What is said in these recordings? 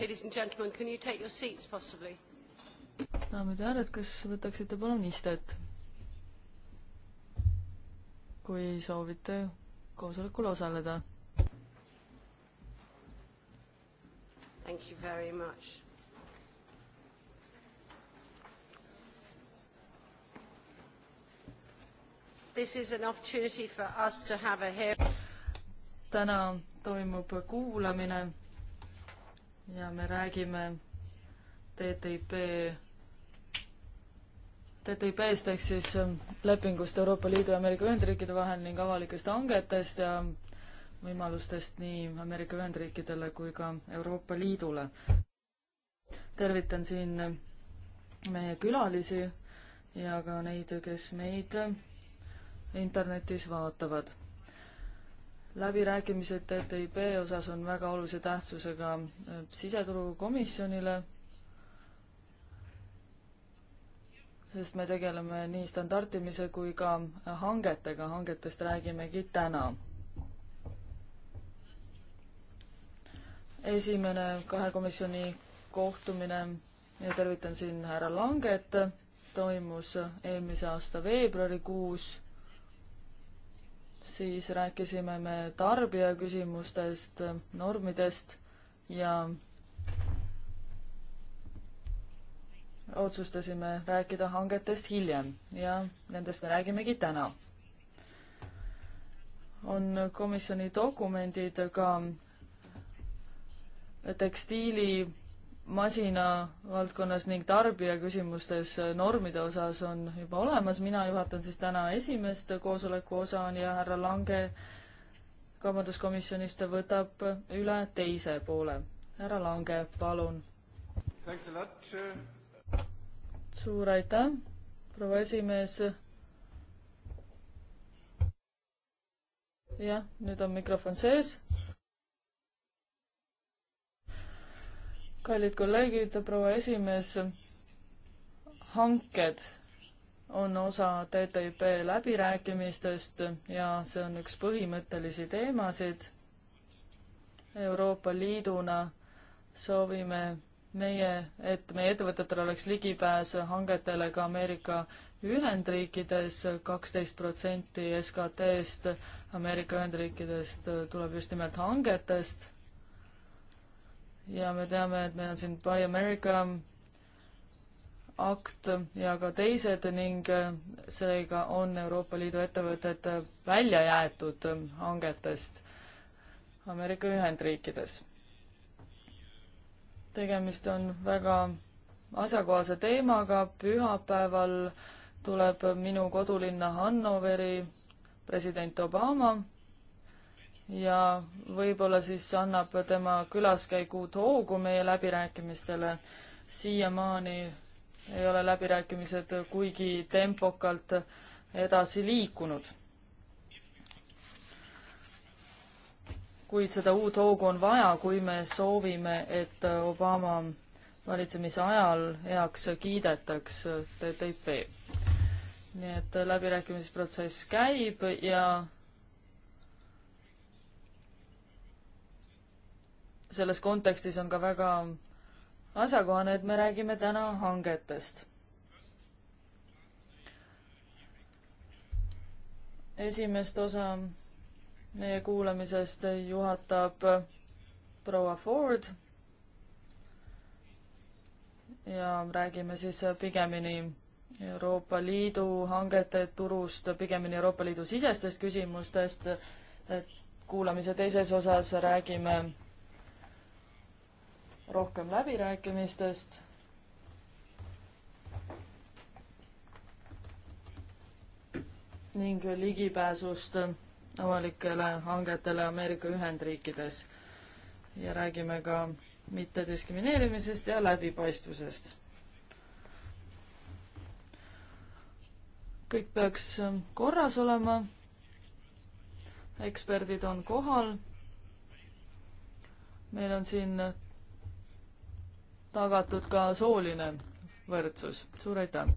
Ladies and gentlemen, can you take your seats possibly? daamid ja härrad, kas võtaksite palun istet? kui soovite koosolekul osaleda. Thank you very much. This is an opportunity for us to have a hearing. täna toimub kuulamine ja me räägime TTIP, TTIP-st ehk siis ähm, lepingust Euroopa Liidu ja Ameerika Ühendriikide vahel ning avalikest hangetest ja võimalustest nii Ameerika Ühendriikidele kui ka Euroopa Liidule. tervitan siin meie külalisi ja ka neid, kes meid internetis vaatavad läbirääkimised TTIP osas on väga olulise tähtsusega äh, siseturukomisjonile, sest me tegeleme nii standardimise kui ka hangetega, hangetest räägimegi täna. esimene kahe komisjoni kohtumine ja tervitan siin härra Langet, toimus eelmise aasta veebruarikuus siis rääkisime me tarbija küsimustest, normidest ja otsustasime rääkida hangetest hiljem ja nendest me räägimegi täna. on komisjoni dokumendid ka tekstiili masina valdkonnas ning tarbijaküsimustes normide osas on juba olemas, mina juhatan siis täna esimest koosoleku osa on ja härra Lange kaubanduskomisjonist võtab üle teise poole. härra Lange, palun. suur aitäh, proua esimees. jah, nüüd on mikrofon sees kallid kolleegid, proua esimees, hanked on osa TTIP läbirääkimistest ja see on üks põhimõttelisi teemasid. Euroopa Liiduna soovime meie, et meie ettevõtetel oleks ligipääs hangetele ka Ameerika Ühendriikides, kaksteist protsenti SKT-st Ameerika Ühendriikidest tuleb just nimelt hangetest ja me teame, et meil on siin Buy America akt ja ka teised ning äh, sellega on Euroopa Liidu ettevõtted äh, välja jäetud äh, hangetest Ameerika Ühendriikides. tegemist on väga asjakohase teemaga, pühapäeval tuleb minu kodulinna Hannoveri president Obama ja võib-olla siis annab tema külaskäik uut hoogu meie läbirääkimistele. siiamaani ei ole läbirääkimised kuigi tempokalt edasi liikunud. kuid seda uut hoogu on vaja, kui me soovime, et Obama valitsemise ajal heaks kiidetaks TTIP. nii et läbirääkimisprotsess käib ja selles kontekstis on ka väga asjakohane, et me räägime täna hangetest. esimest osa meie kuulamisest juhatab proua Ford ja räägime siis pigemini Euroopa Liidu hangete turust, pigemini Euroopa Liidu sisestest küsimustest. kuulamise teises osas räägime rohkem läbirääkimistest. ning ligipääsust avalikele hangetele Ameerika Ühendriikides ja räägime ka mittediskrimineerimisest ja läbipaistvusest. kõik peaks korras olema. eksperdid on kohal. meil on siin tagatud ka sooline võrdsus. suur aitäh!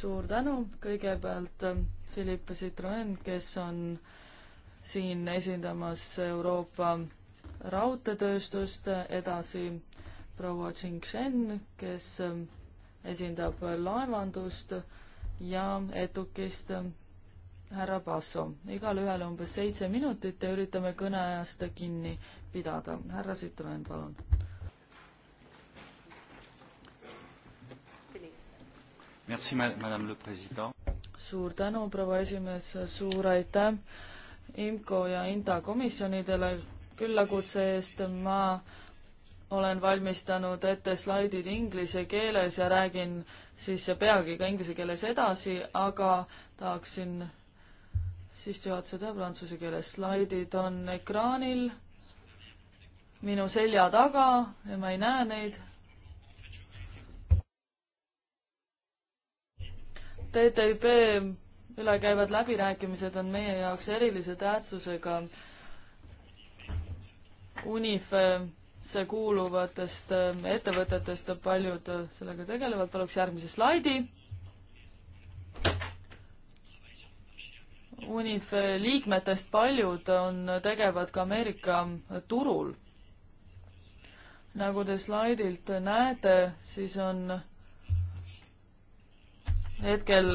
suur tänu kõigepealt ähm, Philippe Citroen, kes on siin esindamas Euroopa raudteetööstust, edasi proua Qingchen, kes ähm, esindab laevandust ja Etukist ähm, härra Basso. igalühel umbes seitse minutit ja üritame kõneajast kinni pidada. härra Citroen, palun Merci, madame le president. suur tänu, proua esimees, suur aitäh IMCO ja INTA komisjonidele küllakutse eest, ma olen valmistanud ette slaidid inglise keeles ja räägin siis peagi ka inglise keeles edasi, aga tahaksin sissejuhatused ja prantsuse keeles. slaidid on ekraanil minu selja taga ja ma ei näe neid TTIP üle käivad läbirääkimised on meie jaoks erilise tähtsusega. UNIFE-sse kuuluvatest ähm, ettevõtetest paljud äh, sellega tegelevad, paluks järgmise slaidi. UNIFE liikmetest paljud on äh, tegevad ka Ameerika turul. nagu te slaidilt näete, siis on hetkel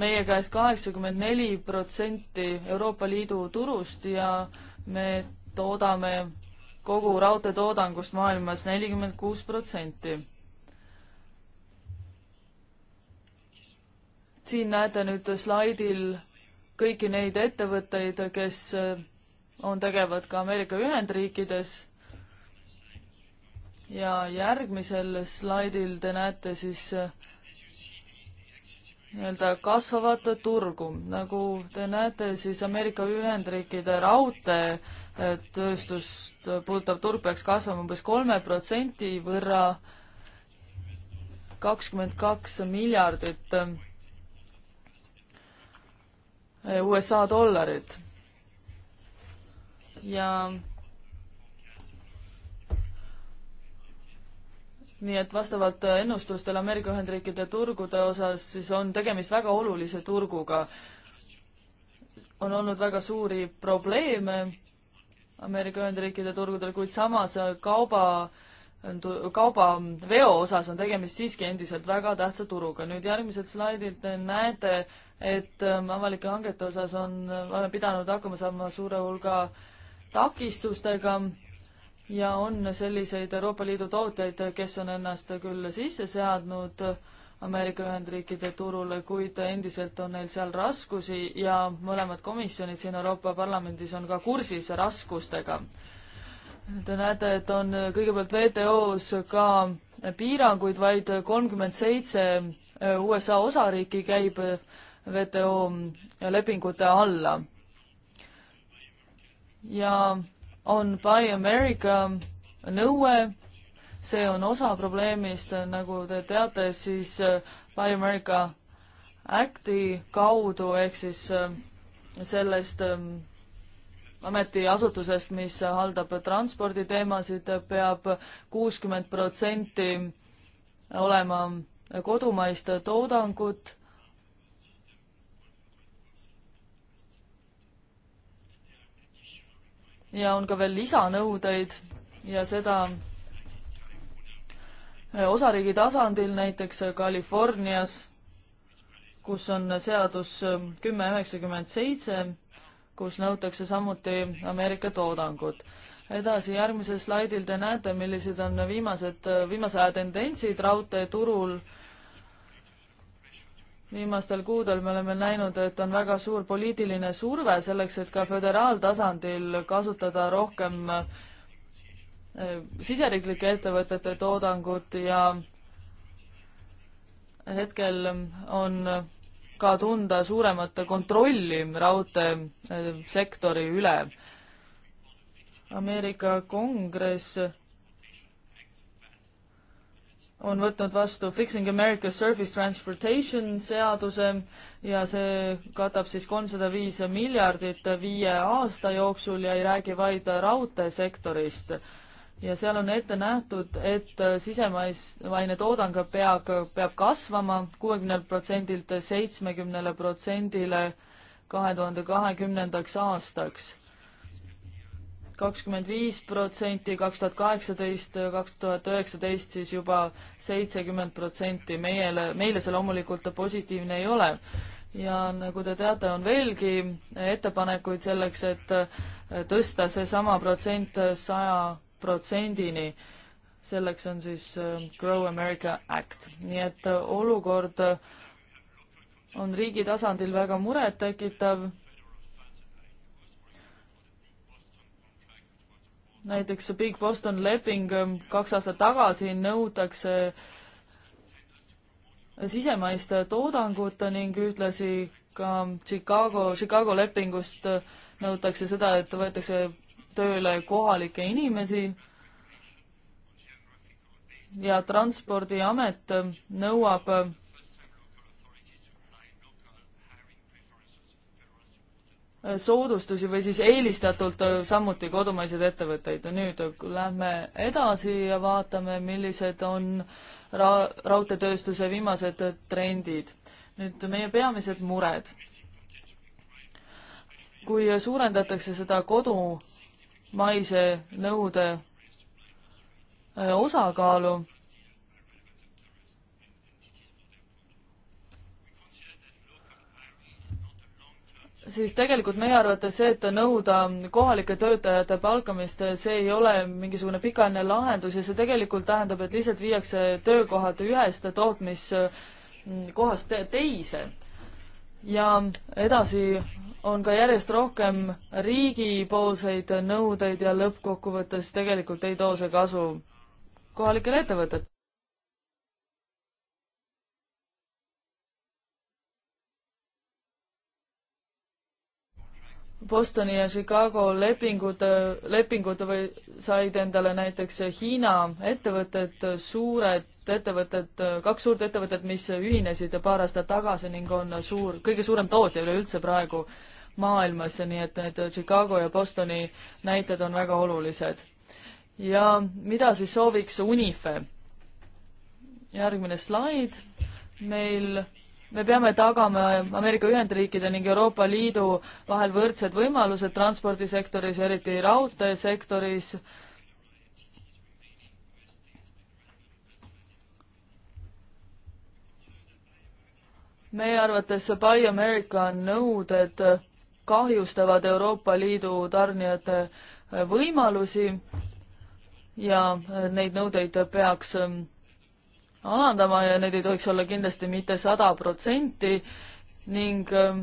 meie käes kaheksakümmend neli protsenti Euroopa Liidu turust ja me toodame kogu raudteetoodangust maailmas nelikümmend kuus protsenti. siin näete nüüd slaidil kõiki neid ettevõtteid, kes on tegevad ka Ameerika Ühendriikides. ja järgmisel slaidil te näete siis äh, nii-öelda kasvavat turgu. nagu te näete, siis Ameerika Ühendriikide raudteetööstust puudutav turg peaks kasvama umbes kolme protsendi võrra, kakskümmend kaks miljardit eh, USA dollarit. ja nii et vastavalt äh, ennustustele Ameerika Ühendriikide turgude osas siis on tegemist väga olulise turguga. on olnud väga suuri probleeme Ameerika Ühendriikide turgudel, kuid samas äh, kauba, kaubaveo osas on tegemist siiski endiselt väga tähtsa turuga. nüüd järgmiselt slaidilt näete, et ähm, avalike hangete osas on, oleme äh, pidanud hakkama saama suure hulga takistustega ja on selliseid Euroopa Liidu tootjaid, kes on ennast küll sisse seadnud Ameerika Ühendriikide turule, kuid endiselt on neil seal raskusi ja mõlemad komisjonid siin Euroopa Parlamendis on ka kursis raskustega. Te näete, et on kõigepealt WTO-s ka piiranguid, vaid kolmkümmend seitse USA osariiki käib WTO lepingute alla. ja on Buy America nõue, see on osa probleemist, nagu te teate, siis Buy äh, America Acti kaudu ehk siis äh, sellest ähm, ametiasutusest, mis haldab transporditeemasid, peab kuuskümmend protsenti olema kodumaist toodangut ja on ka veel lisanõudeid ja seda eh, osariigi tasandil, näiteks eh, Californias, kus on seadus eh, kümme üheksakümmend seitse, kus nõutakse samuti Ameerika toodangut. edasi, järgmisel slaidil te näete, millised on viimased, viimase aja tendentsid raudteeturul viimastel kuudel me oleme näinud, et on väga suur poliitiline surve selleks, et ka föderaaltasandil kasutada rohkem eh, siseriiklike ettevõtete toodangut ja hetkel on ka tunda suuremat kontrolli raudteesektori eh, üle. Ameerika Kongress on võtnud vastu Fixing America Surface Transportation seaduse ja see katab siis kolmsada viis miljardit viie aasta jooksul ja ei räägi vaid raudteesektorist. ja seal on ette nähtud, et sisemaine toodang peab, peab kasvama kuuekümnelt protsendilt seitsmekümnele protsendile kahe tuhande kahekümnendaks aastaks kakskümmend viis protsenti, kaks tuhat kaheksateist, kaks tuhat üheksateist siis juba seitsekümmend protsenti. meile, meile see loomulikult positiivne ei ole. ja nagu te teate, on veelgi ettepanekuid selleks, et tõsta seesama protsent saja protsendini. selleks on siis äh, Grow America Act, nii et äh, olukord on riigi tasandil väga murettekitav näiteks see Big Boston leping ähm, kaks aastat tagasi nõutakse sisemaist toodangut ning ühtlasi ka Chicago, Chicago lepingust nõutakse seda, et võetakse tööle kohalikke inimesi ja Transpordiamet nõuab soodustusi või siis eelistatult äh, samuti kodumaiseid ettevõtteid. nüüd äh, lähme edasi ja vaatame, millised on ra-, raudteetööstuse viimased trendid. nüüd meie peamised mured. kui suurendatakse seda kodumaise nõude äh, osakaalu, siis tegelikult meie arvates see, et nõuda kohalike töötajate palkamist, see ei ole mingisugune pikaajaline lahendus ja see tegelikult tähendab, et lihtsalt viiakse töökohad ühest tootmiskohast teise. ja edasi on ka järjest rohkem riigipoolseid nõudeid ja lõppkokkuvõttes tegelikult ei too see kasu kohalikele ettevõtetele Bostoni ja Chicago lepingud, lepingud või said endale näiteks Hiina ettevõtted, suured ettevõtted, kaks suurt ettevõtet, mis ühinesid paar aastat tagasi ning on suur, kõige suurem tootja üleüldse praegu maailmas, nii et need Chicago ja Bostoni näited on väga olulised. ja mida siis sooviks UNIFE? järgmine slaid. meil me peame tagama Ameerika Ühendriikide ning Euroopa Liidu vahel võrdsed võimalused transpordisektoris, eriti raudteesektoris. meie arvates Buy America nõuded kahjustavad Euroopa Liidu tarnijate võimalusi ja neid nõudeid peaks alandama ja need ei tohiks olla kindlasti mitte sada protsenti ning ähm,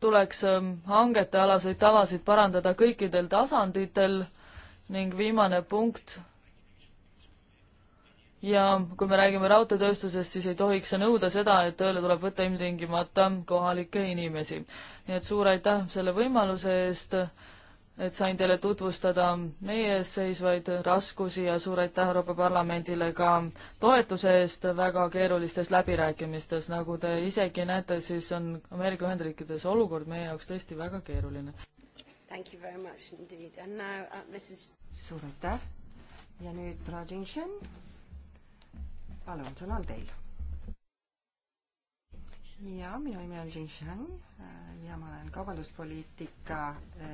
tuleks ähm, hangetealaseid tavasid parandada kõikidel tasanditel ning viimane punkt. ja kui me räägime raudteetööstusest, siis ei tohiks see nõuda seda, et tööle tuleb võtta ilmtingimata kohalikke inimesi. nii et suur aitäh selle võimaluse eest et sain teile tutvustada meie ees seisvaid raskusi ja suur aitäh Euroopa Parlamendile ka toetuse eest väga keerulistes läbirääkimistes. nagu te isegi näete, siis on Ameerika Ühendriikides olukord meie jaoks tõesti väga keeruline. Uh, is... suur aitäh ja nüüd Rajin Shen, palun, sõna on teil ja minu nimi on Jing Shang äh, ja ma olen kaubanduspoliitika äh,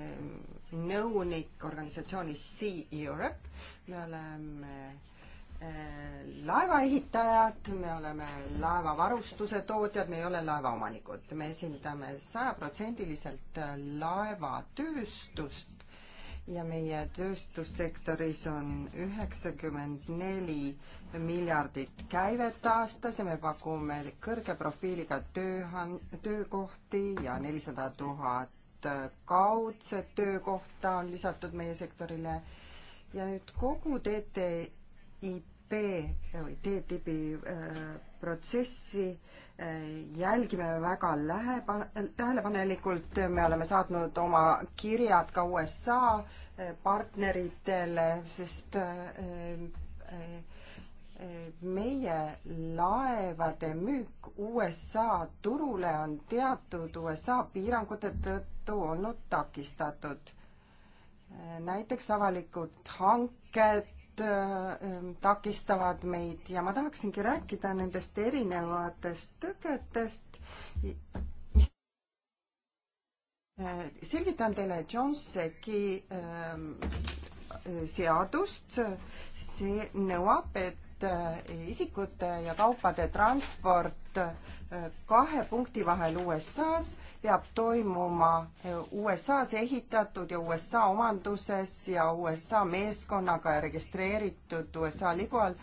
nõunik organisatsioonis Sea Europe. me oleme äh, laevaehitajad, me oleme laevavarustuse tootjad, me ei ole laevaomanikud, me esindame sajaprotsendiliselt laevatööstust ja meie tööstussektoris on üheksakümmend neli miljardit käivet aastas ja me pakume kõrge profiiliga tööhan-, töökohti ja nelisada tuhat kaudset töökohta on lisatud meie sektorile ja nüüd kogu TTIP või TTIP-i äh, protsessi äh, jälgime väga lähepa-, tähelepanelikult, me oleme saatnud oma kirjad ka USA eh, partneritele, sest eh, eh, meie laevade müük USA turule on teatud USA piirangute tõttu olnud takistatud. näiteks avalikud hanked, Ähm, takistavad meid ja ma tahaksingi rääkida nendest erinevatest tõketest. Äh, selgitan teile Johnseki ähm, seadust, see nõuab, et äh, isikute ja kaupade transport äh, kahe punkti vahel USA-s peab toimuma äh, USA-s ehitatud ja USA omanduses ja USA meeskonnaga registreeritud USA lipu all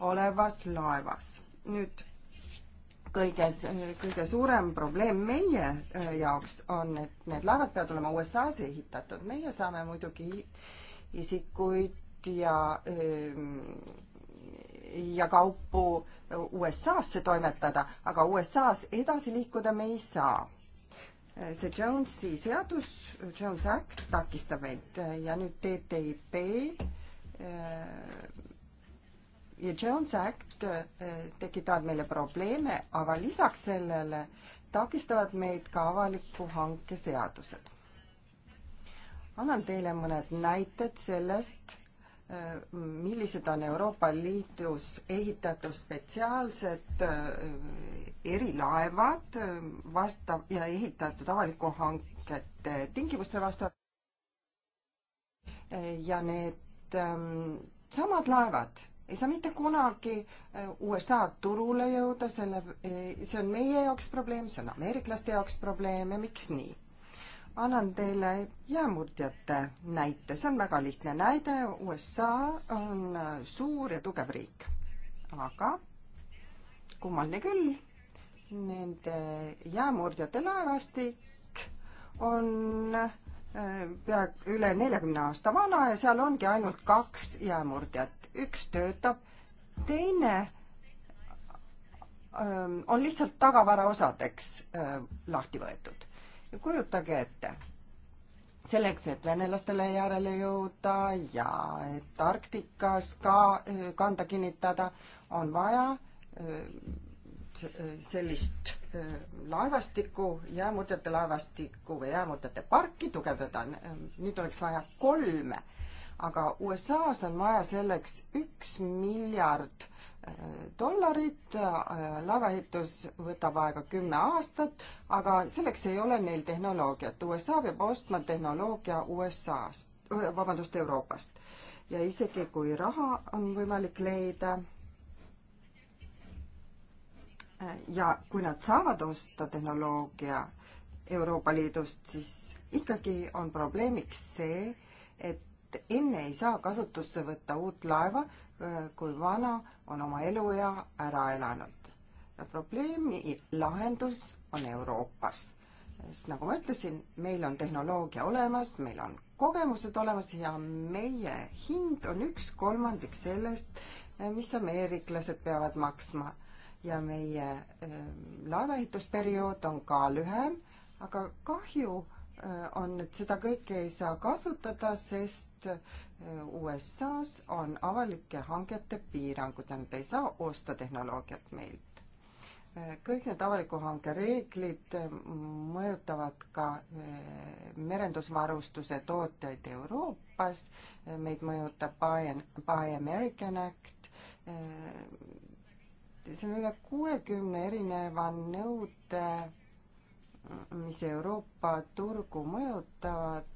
olevas laevas. nüüd kõige, äh, kõige suurem probleem meie äh, jaoks on, et need laevad peavad olema USA-s ehitatud. meie saame muidugi isikuid ja ähm, ja kaupu USA-sse toimetada, aga USA-s edasi liikuda me ei saa see Jonesi seadus, Jones Act takistab meid ja nüüd TTIP äh, ja Jones Act äh, tekitavad meile probleeme, aga lisaks sellele takistavad meid ka avaliku hanke seadused. annan teile mõned näited sellest, Äh, millised on Euroopa Liidus ehitatud spetsiaalsed äh, erilaevad äh, vastav ja ehitatud avaliku hankete tingimustele vastav. ja need ähm, samad laevad ei saa mitte kunagi USA turule jõuda, selle, see on meie jaoks probleem, see on ameeriklaste jaoks probleem ja miks nii? annan teile jäämurdjate näite, see on väga lihtne näide, USA on suur ja tugev riik, aga kummaline küll, nende jäämurdjate laevastik on äh, pea üle neljakümne aasta vana ja seal ongi ainult kaks jäämurdjat, üks töötab, teine ähm, on lihtsalt tagavaraosadeks äh, lahti võetud kujutage ette, selleks, et venelastele järele jõuda ja et Arktikas ka äh, kanda kinnitada, on vaja äh, äh, sellist laevastikku, jäämurdjate laevastikku või jäämurdjate parki tugevdada. nüüd oleks vaja kolme, aga USA-s on vaja selleks üks miljard dollarit, laevaehitus võtab aega kümme aastat, aga selleks ei ole neil tehnoloogiat. USA peab ostma tehnoloogia USA-st, vabandust, Euroopast. ja isegi, kui raha on võimalik leida, ja kui nad saavad osta tehnoloogia Euroopa Liidust, siis ikkagi on probleemiks see, et enne ei saa kasutusse võtta uut laeva, kui vana on oma eluea ära elanud. probleemi lahendus on Euroopas. sest nagu ma ütlesin, meil on tehnoloogia olemas, meil on kogemused olemas ja meie hind on üks kolmandik sellest, mis ameeriklased peavad maksma. ja meie ehm, laevaehitusperiood on ka lühem, aga kahju Äh, on, et seda kõike ei saa kasutada, sest äh, USA-s on avalike hangete piirangud ja nad ei saa osta tehnoloogiat meilt. Äh, kõik need avaliku hanke reeglid mõjutavad ka merendusvarustuse tooteid Euroopas, meid mõjutab Buy, Buy American Act, see on üle kuuekümne erineva nõude mis Euroopa turgu mõjutavad,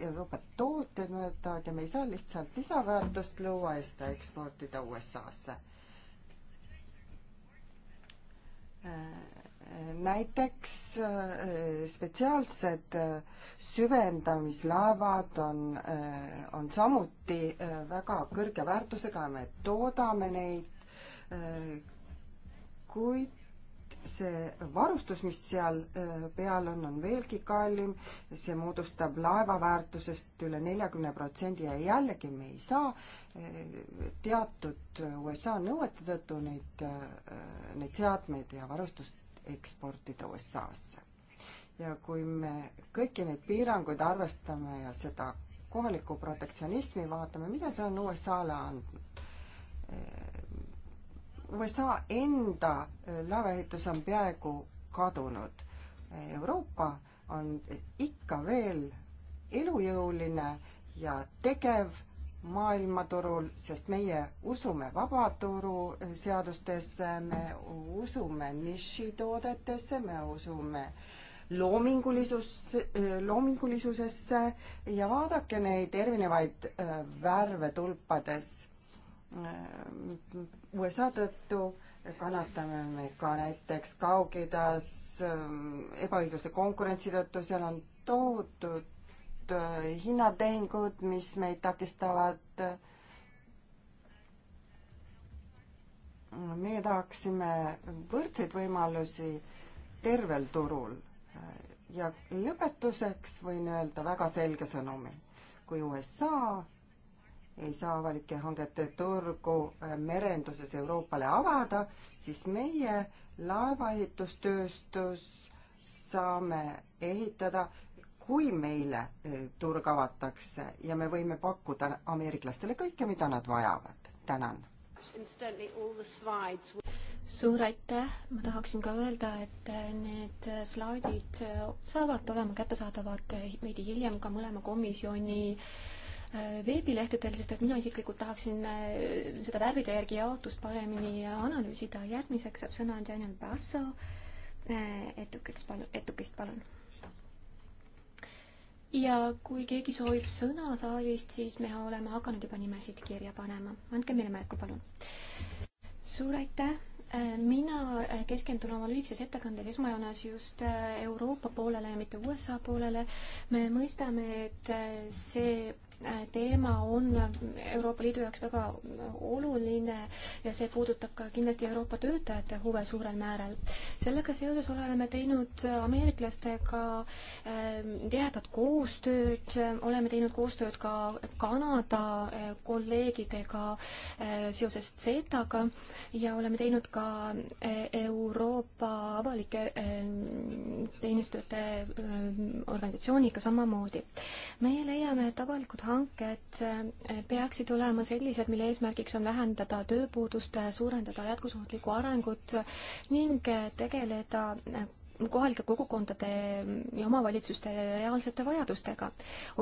Euroopa tooteid mõjutavad ja me ei saa lihtsalt lisaväärtust luua ja seda eksportida USA-sse. näiteks äh, spetsiaalsed äh, süvendamislaevad on, äh, on samuti väga kõrge väärtusega ja me toodame neid, kuid see varustus, mis seal äh, peal on, on veelgi kallim, see moodustab laeva väärtusest üle neljakümne protsendi ja jällegi me ei saa äh, teatud USA nõuete tõttu neid, äh, neid seadmeid ja varustust eksportida USA-sse. ja kui me kõiki neid piiranguid arvestame ja seda kohalikku protektsionismi vaatame, mida see on USA-le andnud? USA enda äh, laevaehitus on peaaegu kadunud. Euroopa on ikka veel elujõuline ja tegev maailmaturul, sest meie usume vabaturu äh, seadustesse, me usume nišitoodetesse, me usume loomingulisus, äh, loomingulisusesse ja vaadake neid erinevaid värve tulpades Äh, USA tõttu kannatame me ka näiteks Kaug-Idas äh, ebaõiglase konkurentsi tõttu, seal on tohutud äh, hinnatehingud, mis meid takistavad. meie tahaksime võrdseid võimalusi tervel turul. ja lõpetuseks võin öelda väga selge sõnumi. kui USA ei saa avalike hangete turgu äh, merenduses Euroopale avada, siis meie laevaehitustööstus saame ehitada, kui meile äh, turg avatakse ja me võime pakkuda ameeriklastele kõike, mida nad vajavad. tänan. suur aitäh, ma tahaksin ka öelda, et äh, need slaidid saavad olema kättesaadavad veidi hiljem ka mõlema komisjoni äh, veebilehtedel, sest et mina isiklikult tahaksin äh, seda värvide järgi jaotust paremini analüüsida. järgmiseks saab sõna Daniel Basso äh, etukeks, palun, etukist, palun. ja kui keegi soovib sõna saalist, siis me oleme hakanud juba nimesid kirja panema. andke meile märku, palun. suur aitäh äh, mina keskendun oma lühikeses ettekandes esmajoones just Euroopa poolele ja mitte USA poolele. me mõistame, et see teema on Euroopa Liidu jaoks väga oluline ja see puudutab ka kindlasti Euroopa töötajate huve suurel määral. sellega seoses oleme teinud ameeriklastega ähm, tihedat koostööd, oleme teinud koostööd ka Kanada äh, kolleegidega äh, seoses Z-ga ja oleme teinud ka äh, Euroopa avalike ähm, teenistujate ähm, organisatsiooniga samamoodi. meie leiame, et avalikud hanked äh, peaksid olema sellised, mille eesmärgiks on vähendada tööpuudust, äh, suurendada jätkusuutlikku arengut ning äh, tegeleda kohalike kogukondade ja omavalitsuste reaalsete vajadustega.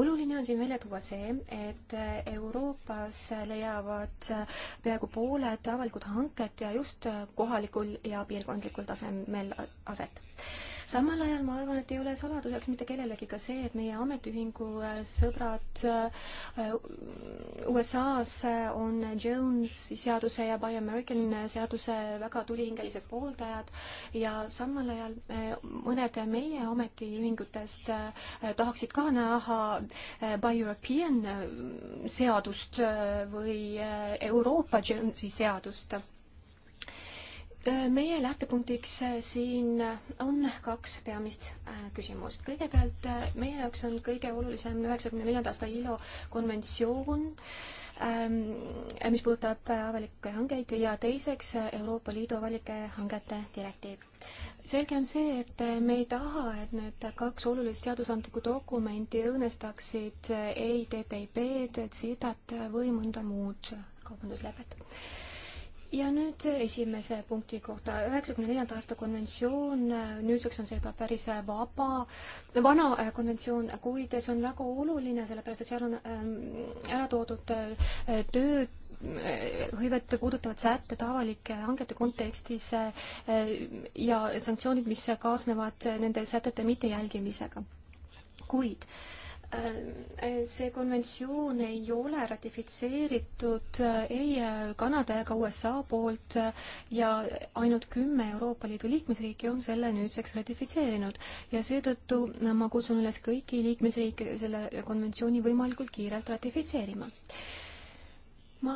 oluline on siin välja tuua see, et Euroopas leiavad peaaegu pooled avalikud hanked just kohalikul ja piirkondlikul tasemel aset samal ajal ma arvan, et ei ole saladuseks mitte kellelegi ka see, et meie ametiühingu äh, sõbrad äh, USA-s äh, on Jonesi seaduse ja Buy American seaduse väga tulihingelised pooldajad ja samal ajal mõned meie ametiühingutest tahaksid ka näha Buy European seadust või Euroopa Jonesi seadust Äh, meie lähtepunktiks äh, siin äh, on kaks peamist küsimust. kõigepealt meie jaoks on kõige olulisem üheksakümne neljanda aasta ILO konventsioon, ähm, mis puudutab avalikke hangeid ja teiseks Euroopa Liidu avalike hangete direktiiv. selge on see, et me ei taha, et need kaks olulist seadusandlikku dokumenti õõnestaksid ei TTIP-d, CETA-t või mõnda muud kaubanduslepet ja nüüd esimese punkti kohta, üheksakümne neljanda aasta konventsioon, nüüdseks on see juba päris vaba, vana äh, konventsioon, kuid see on väga oluline, sellepärast et seal on ähm, ära toodud äh, töö, äh, hõivet puudutavad sätted avalike hangete kontekstis ja sanktsioonid, mis kaasnevad nende sätete mittejälgimisega. kuid äh, Äh, see konventsioon ei ole ratifitseeritud äh, ei äh, Kanada ega USA poolt ja ainult kümme Euroopa Liidu liikmesriiki on selle nüüdseks ratifitseerinud ja seetõttu ma kutsun üles kõiki liikmesriike selle konventsiooni võimalikult kiirelt ratifitseerima ma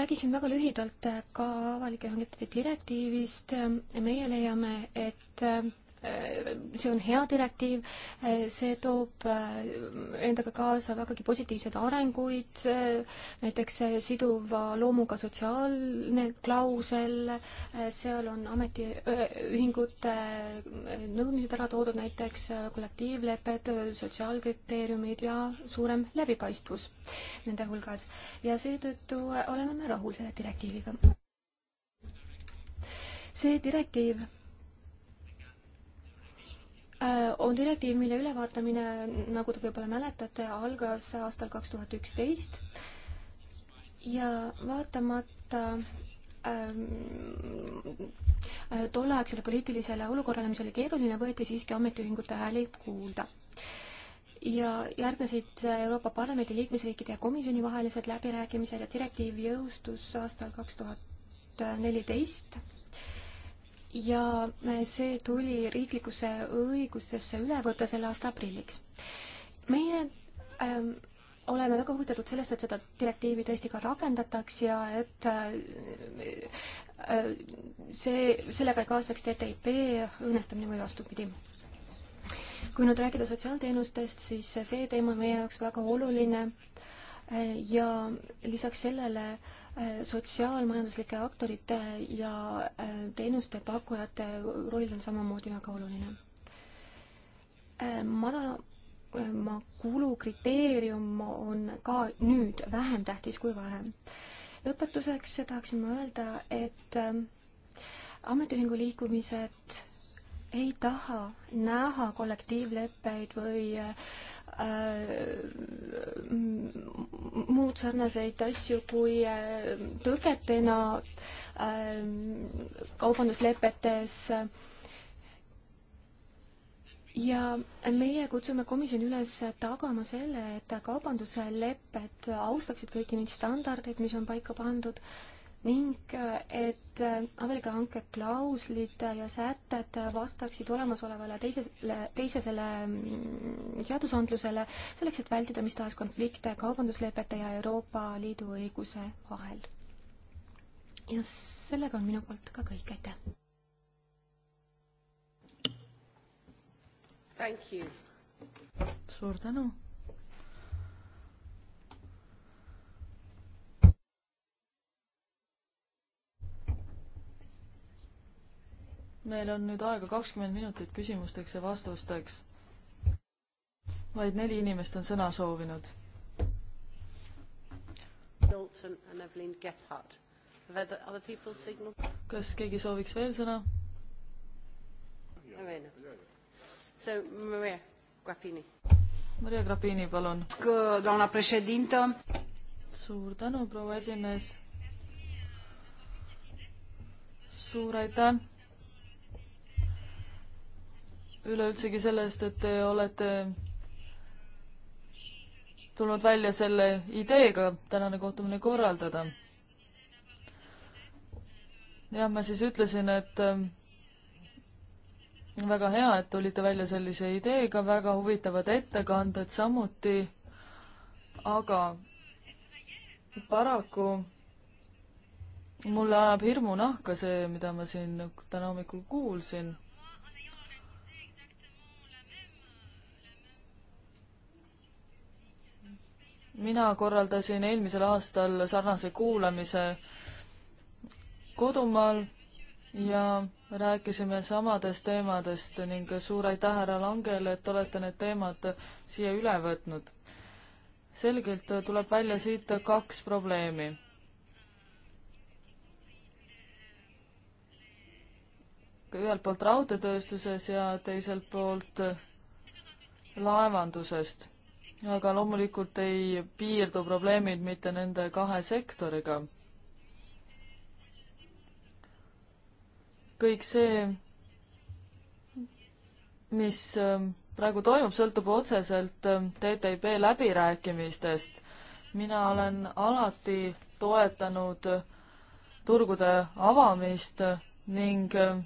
räägiksin väga lühidalt ka avalike hangete direktiivist. meie leiame, et see on hea direktiiv, see toob äh, endaga kaasa vägagi positiivseid arenguid, äh, näiteks äh, siduva loomuga sotsiaalne klausel, seal on ametiühingute nõudmised ära toodud, näiteks kollektiivlepped, sotsiaalkriteeriumid ja suurem läbipaistvus nende hulgas. ja seetõttu oleme me rahul selle direktiiviga. see direktiiv Äh, on direktiiv, mille ülevaatamine, nagu te võib-olla mäletate, algas aastal kaks tuhat üksteist ja vaatamata ähm, äh, tolleaegsele poliitilisele olukorrale, mis oli keeruline, võeti siiski ametiühingute hääli kuulda. ja järgnesid Euroopa Parlamendi liikmesriikide ja komisjoni vahelised läbirääkimised ja direktiiv jõustus aastal kaks tuhat neliteist ja see tuli riiklikusse õigusesse üle võtta selle aasta aprilliks. meie ähm, oleme väga huvitatud sellest, et seda direktiivi tõesti ka rakendataks ja et äh, äh, see, sellega ei kaasneks TTIP õõnestamine või vastupidi kui nüüd rääkida sotsiaalteenustest, siis see teema on meie jaoks väga oluline äh, ja lisaks sellele äh, Äh, sotsiaalmajanduslike aktorite äh, ja äh, teenuste pakkujate roll on samamoodi väga oluline. madalama kulu kriteerium on ka nüüd vähem tähtis kui varem. lõpetuseks tahaksin ma öelda, et ametiühingu liikumised ei taha näha kollektiivleppeid või äh, Äh, muud sarnaseid asju kui äh, tõketena äh, kaubanduslepetes. ja meie kutsume komisjoni üles tagama selle, et kaubanduslepped austaksid kõiki neid standardeid, mis on paika pandud äh, ning et äh, avalike hanke klauslid ja sätted vastaksid olemasolevale teisele, teisele mm, seadusandlusele, selleks et vältida mis tahes konflikte kaubanduslepete ja Euroopa Liidu õiguse vahel ja sellega on minu poolt ka kõik, aitäh. suur tänu. meil on nüüd aega kakskümmend minutit küsimusteks ja vastusteks. vaid neli inimest on sõna soovinud. kas keegi sooviks veel sõna? Maria Grappini. Maria Grappini, palun. suur tänu, proua esimees. suur aitäh üleüldsegi selle eest, et te olete tulnud välja selle ideega tänane kohtumine korraldada. jah, ma siis ütlesin, et ähm, väga hea, et tulite välja sellise ideega, väga huvitavad ettekanded samuti, aga paraku mulle ajab hirmu nahka see, mida ma siin täna hommikul kuulsin mina korraldasin eelmisel aastal sarnase kuulamise kodumaal ja rääkisime samadest teemadest ning suur aitäh härra Langele, et olete need teemad siia üle võtnud. selgelt tuleb välja siit kaks probleemi. ühelt poolt raudteetööstuses ja teiselt poolt laevanduses aga loomulikult ei piirdu probleemid mitte nende kahe sektoriga. kõik see, mis ähm, praegu toimub, sõltub otseselt ähm, TTIP läbirääkimistest. mina olen alati toetanud äh, turgude avamist äh, ning ähm,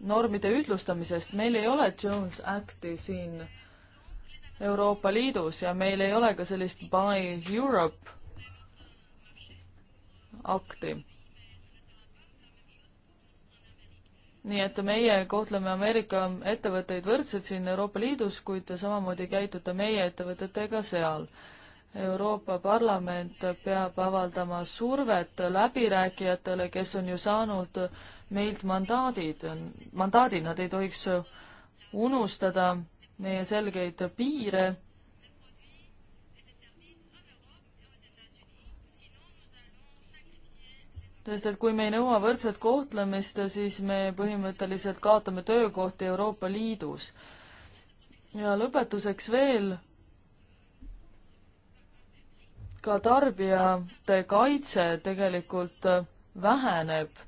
normide ühtlustamisest. meil ei ole Jones Acti siin äh, Euroopa Liidus ja meil ei ole ka sellist Buy Europe akti. nii et meie kohtleme Ameerika ettevõtteid võrdselt siin Euroopa Liidus, kuid samamoodi käitute meie ettevõtetega seal. Euroopa Parlament peab avaldama survet läbirääkijatele, kes on ju saanud meilt mandaadid, mandaadid, nad ei tohiks unustada meie selgeid piire sest et kui me ei nõua võrdset kohtlemist, siis me põhimõtteliselt kaotame töökohti Euroopa Liidus. ja lõpetuseks veel ka tarbijate kaitse tegelikult väheneb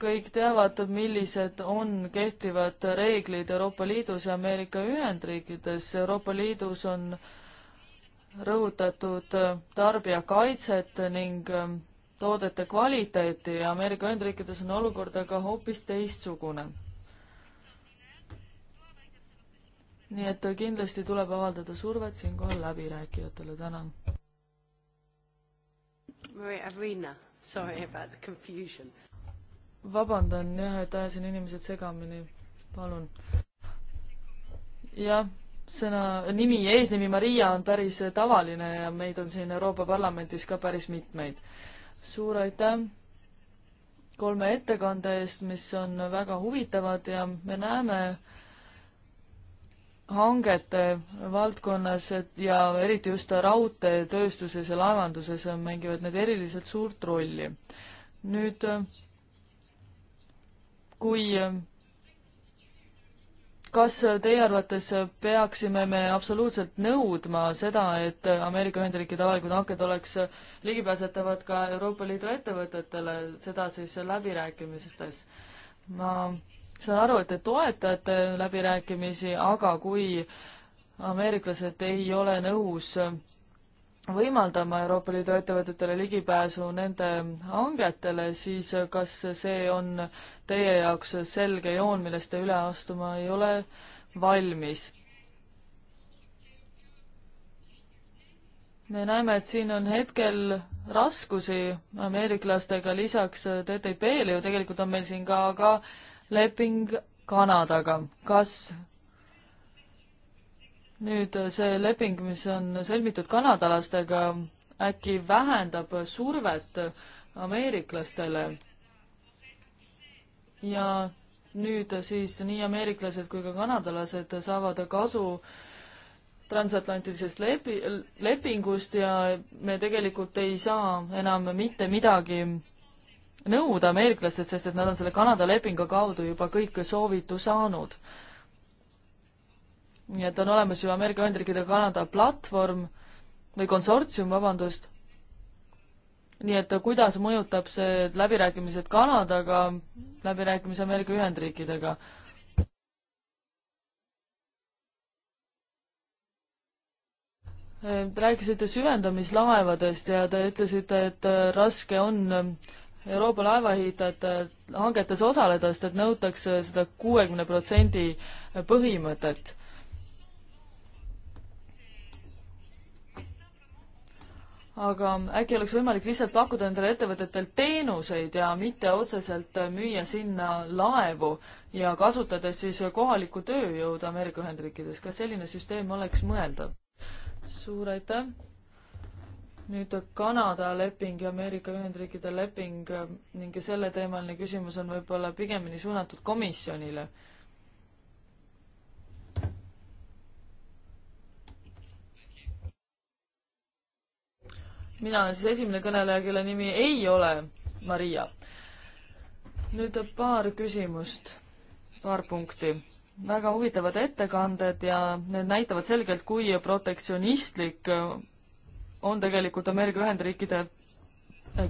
kõik teavad, millised on kehtivad reeglid Euroopa Liidus ja Ameerika Ühendriikides. Euroopa Liidus on rõhutatud tarbijakaitset ning ähm, toodete kvaliteeti ja Ameerika Ühendriikides on olukord aga hoopis teistsugune. nii et kindlasti tuleb avaldada survet siinkohal läbirääkijatele, tänan. Maria Arena, sorry about the confusion vabandan jah, et ajasin inimesed segamini, palun. jah, sõna, nimi, eesnimi Maria on päris tavaline ja meid on siin Euroopa Parlamendis ka päris mitmeid. suur aitäh kolme ettekande eest, mis on väga huvitavad ja me näeme, hangete valdkonnas ja eriti just raudteetööstuses ja laevanduses mängivad need eriliselt suurt rolli. nüüd kui ähm, kas teie arvates peaksime me absoluutselt nõudma seda, et Ameerika Ühendriikide avalikud hanked oleks ligipääsetavad ka Euroopa Liidu ettevõtetele, seda siis läbirääkimistes? ma saan aru, et te toetate läbirääkimisi, aga kui ameeriklased ei ole nõus võimaldama Euroopa Liidu ettevõtetele ligipääsu nende hangetele, siis kas see on teie jaoks selge joon, millest te üle astuma ei ole valmis? me näeme, et siin on hetkel raskusi ameeriklastega, lisaks TTIP-le ju tegelikult on meil siin ka, ka leping Kanadaga. kas nüüd äh, see leping, mis on sõlmitud kanadalastega, äkki vähendab survet ameeriklastele ja nüüd siis nii ameeriklased kui ka kanadalased saavad kasu transatlantilisest lepi-, lepingust ja me tegelikult ei saa enam mitte midagi nõuda ameeriklastelt, sest et nad on selle Kanada lepingu kaudu juba kõik soovitu saanud nii et on olemas ju Ameerika Ühendriikide ja Kanada platvorm või konsortsium, vabandust. nii et kuidas mõjutab see läbirääkimised Kanadaga, läbirääkimisi Ameerika Ühendriikidega? Te rääkisite süvendamislaevadest ja te ütlesite, et raske on Euroopa laevaehitajate hangetes osaleda, sest et nõutakse seda kuuekümne protsendi põhimõtet aga äkki oleks võimalik lihtsalt pakkuda nendele ettevõtetele teenuseid ja mitte otseselt müüa sinna laevu ja kasutades siis kohalikku tööjõudu Ameerika Ühendriikides. kas selline süsteem oleks mõeldav? suur aitäh! nüüd Kanada leping ja Ameerika Ühendriikide leping ning selleteemaline küsimus on võib-olla pigemini suunatud komisjonile mina olen siis esimene kõneleja, kelle nimi ei ole Maria. nüüd paar küsimust, paar punkti. väga huvitavad ettekanded ja need näitavad selgelt, kui protektsionistlik on tegelikult Ameerika Ühendriikide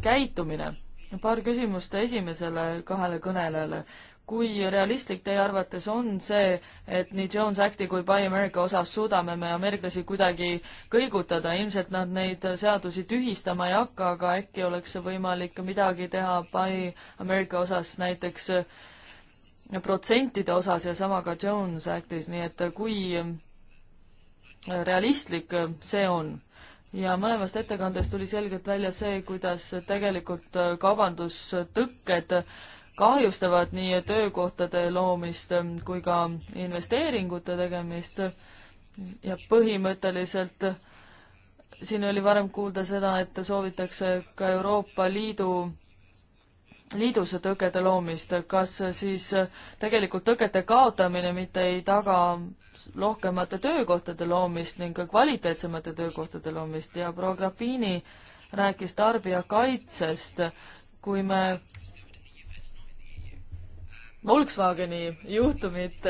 käitumine. paar küsimust esimesele kahele kõnelejale kui realistlik teie arvates on see, et nii Jones Acti kui Buy America osas suudame me ameeriklasi kuidagi kõigutada, ilmselt nad neid seadusi tühistama ei hakka, aga äkki oleks võimalik midagi teha Buy America osas näiteks protsentide osas ja sama ka Jones Actis, nii et kui realistlik see on? ja mõlemast ettekandest tuli selgelt välja see, kuidas tegelikult kaubandustõkked et kahjustavad nii töökohtade loomist ehm, kui ka investeeringute tegemist ja põhimõtteliselt ehm, siin oli varem kuulda seda, et soovitakse ka Euroopa Liidu, liidus tõkete loomist, kas siis ehm, tegelikult tõkete kaotamine mitte ei taga rohkemate töökohtade loomist ning ka kvaliteetsemate töökohtade loomist ja proua Grafini rääkis tarbijakaitsest, kui me Volkswageni juhtumit,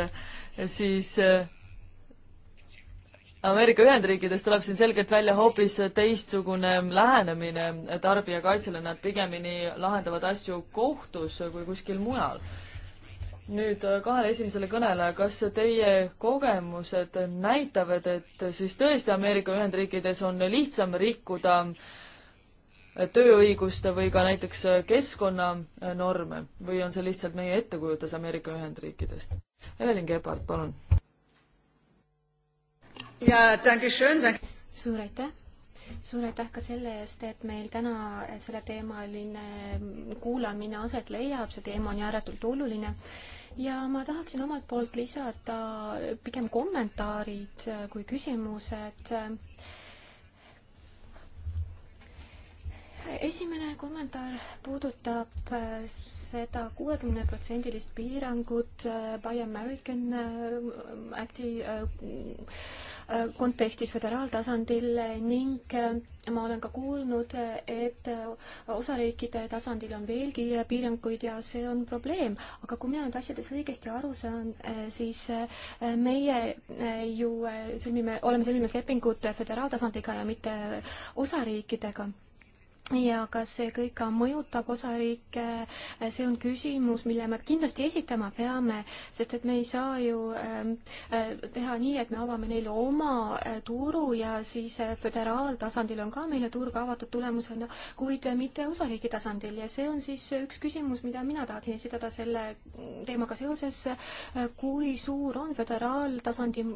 siis äh, Ameerika Ühendriikides tuleb siin selgelt välja hoopis teistsugune lähenemine tarbijakaitsele, nad pigemini lahendavad asju kohtus kui kuskil mujal. nüüd äh, kahele esimesele kõnele, kas teie kogemused näitavad, et siis tõesti Ameerika Ühendriikides on lihtsam rikkuda äh, tööõiguste või ka näiteks äh, keskkonnanorme või on see lihtsalt meie ettekujutus Ameerika Ühendriikidest? Evelyn Gebhardt, palun. ja tänke schön, tänke. suur aitäh suur aitäh ka selle eest, et meil täna selleteemaline ähm, kuulamine aset leiab, see teema on ääretult oluline. ja ma tahaksin omalt poolt lisada pigem kommentaarid äh, kui küsimused et esimene kommentaar puudutab äh, seda kuuekümneprotsendilist piirangut äh, Buy American Acti äh, kontekstis föderaaltasandil ning ma olen ka kuulnud, et osariikide tasandil on veelgi piiranguid ja see on probleem, aga kui mina nüüd asjadest õigesti aru saan, siis meie ju sõlmime, oleme sõlmimas lepingut föderaaltasandiga ja mitte osariikidega ja kas see kõik ka mõjutab osariike, see on küsimus, mille me kindlasti esitama peame, sest et me ei saa ju ähm, äh, teha nii, et me avame neile oma äh, turu ja siis äh, föderaaltasandil on ka meile turg avatud tulemusena, kuid mitte osariigi tasandil ja see on siis üks küsimus, mida mina tahaksin esitada selle teemaga seoses, kui suur on föderaaltasandi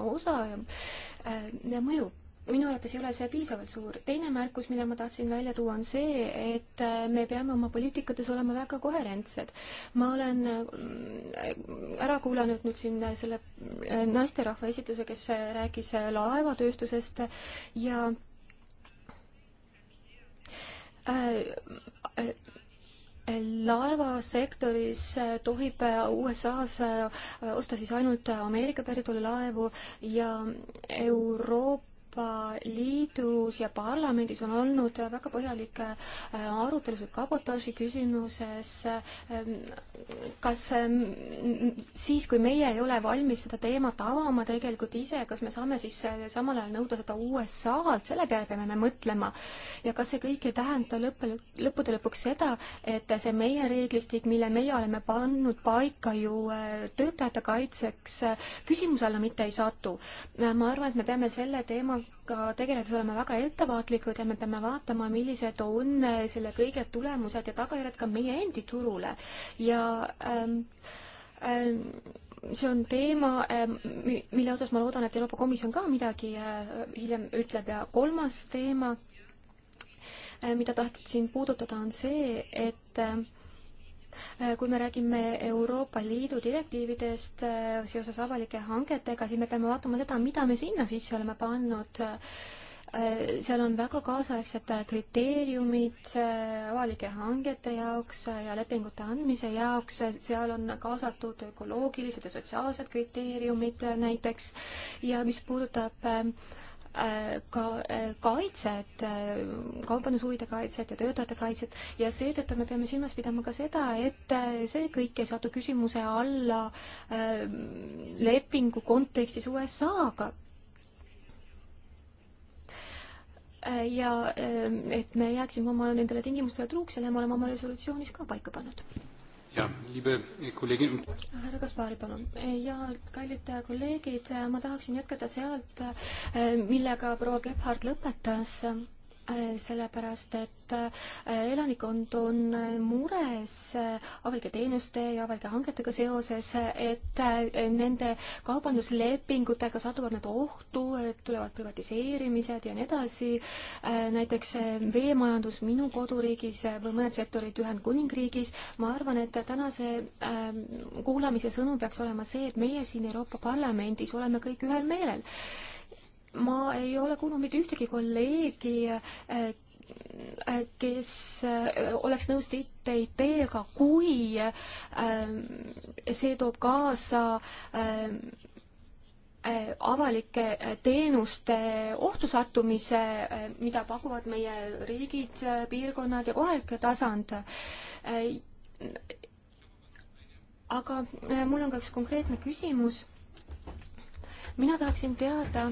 osa ja mõju minu arvates ei ole see piisavalt suur. teine märkus, mille ma tahtsin välja tuua, on see, et äh, me peame oma poliitikates olema väga koherentsed. ma olen äh, ära kuulanud nüüd siin selle äh, naisterahva esituse, kes rääkis laevatööstusest ja laevasektoris tohib USA-s osta siis ainult Ameerika päritolu laevu ja Euroopa Euroopa Liidus ja parlamendis on olnud väga põhjalikke äh, arutelusid kabotaaži küsimuses. Ähm, kas ähm, siis, kui meie ei ole valmis seda teemat avama tegelikult ise, kas me saame siis äh, samal ajal nõuda seda USA-lt, selle peale peame me mõtlema. ja kas see kõik ei tähenda lõppe, lõppude lõpuks seda, et see meie reeglistik, mille meie oleme pannud paika ju äh, töötajate kaitseks, küsimuse alla mitte ei satu. ma arvan, et me peame selle teema ka tegeledes olema väga ettevaatlikud ja me peame vaatama, millised on selle kõige tulemused ja tagajärjed ka meie endi turule ja ähm, ähm, see on teema, ähm, mille osas ma loodan, et Euroopa Komisjon ka midagi äh, hiljem ütleb ja kolmas teema, äh, mida tahtsin puudutada, on see, et ähm, Äh, kui me räägime Euroopa Liidu direktiividest äh, seoses avalike hangetega, siis me peame vaatama seda, mida me sinna sisse oleme pannud. Äh, seal on väga kaasaegsed kriteeriumid avalike hangete jaoks ja lepingute andmise jaoks, seal on kaasatud ökoloogilised ja sotsiaalsed kriteeriumid näiteks ja mis puudutab äh, Äh, ka äh, kaitset, äh, kaubandushuvide kaitset ja töötajate kaitset ja seetõttu me peame silmas pidama ka seda, et see kõik ei satu küsimuse alla lepingu kontekstis USA-ga ja et me jääksime oma nendele tingimustele truuks ja need me oleme oma resolutsioonis ka paika pannud härra Kaspari, palun. ja kallid kolleegid, ma tahaksin jätkata sealt, millega proua Gebhard lõpetas Äh, sellepärast et äh, elanikkond on äh, mures avalike teenuste ja avalike hangetega seoses, et nende kaubanduslepingutega satuvad nad ohtu, et tulevad privatiseerimised ja nii edasi. näiteks veemajandus minu koduriigis või mõned sektorid Ühendkuningriigis. ma arvan, et tänase kuulamise sõnum peaks olema see, et meie siin Euroopa Parlamendis oleme kõik ühel meelel ma ei ole kuulnud mitte ühtegi kolleegi, äh, kes äh, oleks nõus TTIP-ga, kui ähm, see toob kaasa ähm, äh, avalike teenuste ohtu sattumise, mida pakuvad meie riigid, piirkonnad ja kohalik tasand. aga mul on ka üks konkreetne küsimus. mina tahaksin teada,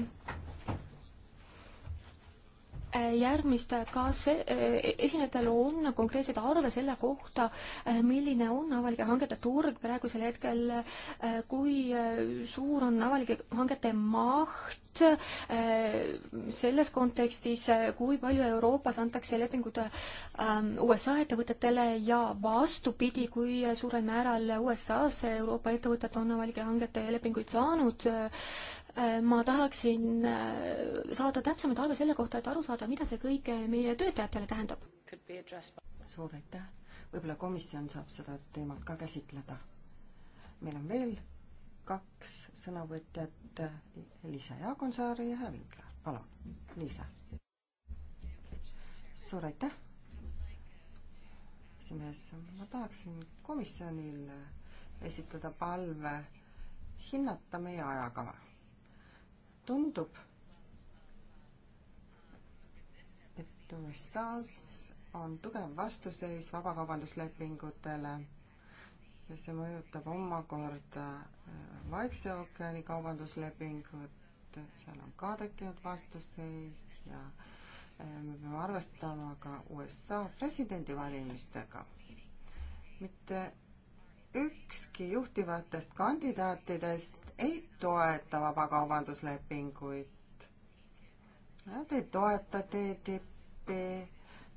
järgmist, kas e-, e-, esinejatel on konkreetseid arve selle kohta, milline on avalike hangete turg praegusel hetkel, kui suur on avalike hangete maht e, selles kontekstis, kui palju Euroopas antakse lepingud ähm, USA ettevõtetele ja vastupidi, kui suurel määral USA-s Euroopa ettevõtted on avalike hangete lepinguid saanud, Äh, ma tahaksin äh, saada täpsemaid arve selle kohta, et aru saada, mida see kõik äh, meie töötajatele tähendab. suur aitäh, võib-olla komisjon saab seda teemat ka käsitleda. meil on veel kaks sõnavõtjat, Liisa Jaagonsaar ja härra Vinkla, palun, Liisa. suur aitäh, esimees, ma tahaksin komisjonile esitada palve hinnata meie ajakava tundub, et USA-s on tugev vastuseis vabakaubanduslepingutele ja see mõjutab omakorda äh, Vaikse ookeani kaubanduslepingut, seal on ka tekkinud vastuseis ja äh, me peame arvestama ka USA presidendivalimistega. mitte ükski juhtivatest kandidaatidest ei toeta vabakaubanduslepinguid. Nad ei toeta TTIP-i,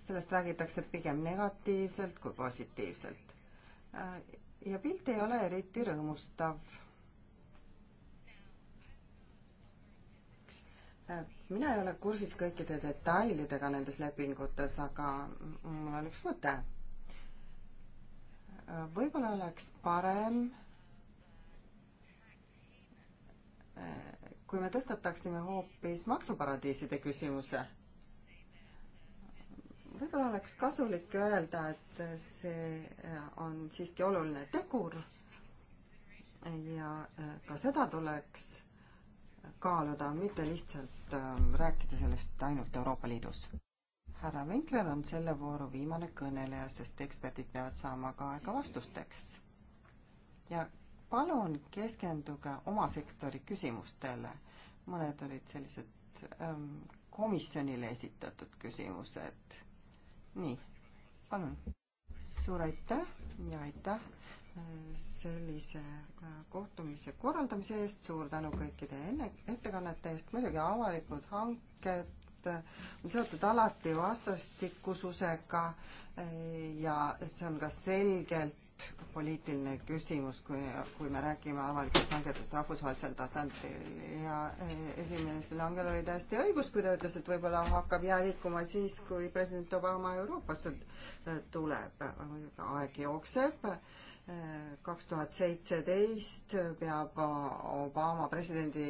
sellest räägitakse pigem negatiivselt kui positiivselt. ja pilt ei ole eriti rõõmustav. mina ei ole kursis kõikide detailidega nendes lepingutes, aga mul on üks mõte võib-olla oleks parem, eh, kui me tõstataksime hoopis maksuparadiiside küsimuse. võib-olla oleks kasulik öelda, et see eh, on siiski oluline tegur ja eh, ka seda tuleks kaaluda, mitte lihtsalt rääkida sellest ainult Euroopa Liidus härra Vinkler on selle vooru viimane kõneleja, sest eksperdid peavad saama ka aega vastusteks. ja palun keskenduge oma sektori küsimustele. mõned olid sellised ähm, komisjonile esitatud küsimused. nii, palun. suur aitäh ja aitäh äh, sellise äh, kohtumise korraldamise eest, suur tänu kõikide enne, ettekannete eest, muidugi avalikud hanked, Äh, on seotud alati vastastikususega äh, ja see on ka selgelt poliitiline küsimus, kui, kui me räägime avalikest hangetest rahvusvahelisel tasandil ja äh, esimees Langel oli täiesti õigus, kui ta ütles, et võib-olla hakkab jää liikuma siis, kui president Obama Euroopasse tuleb. aeg jookseb, kaks tuhat seitseteist peab Obama presidendi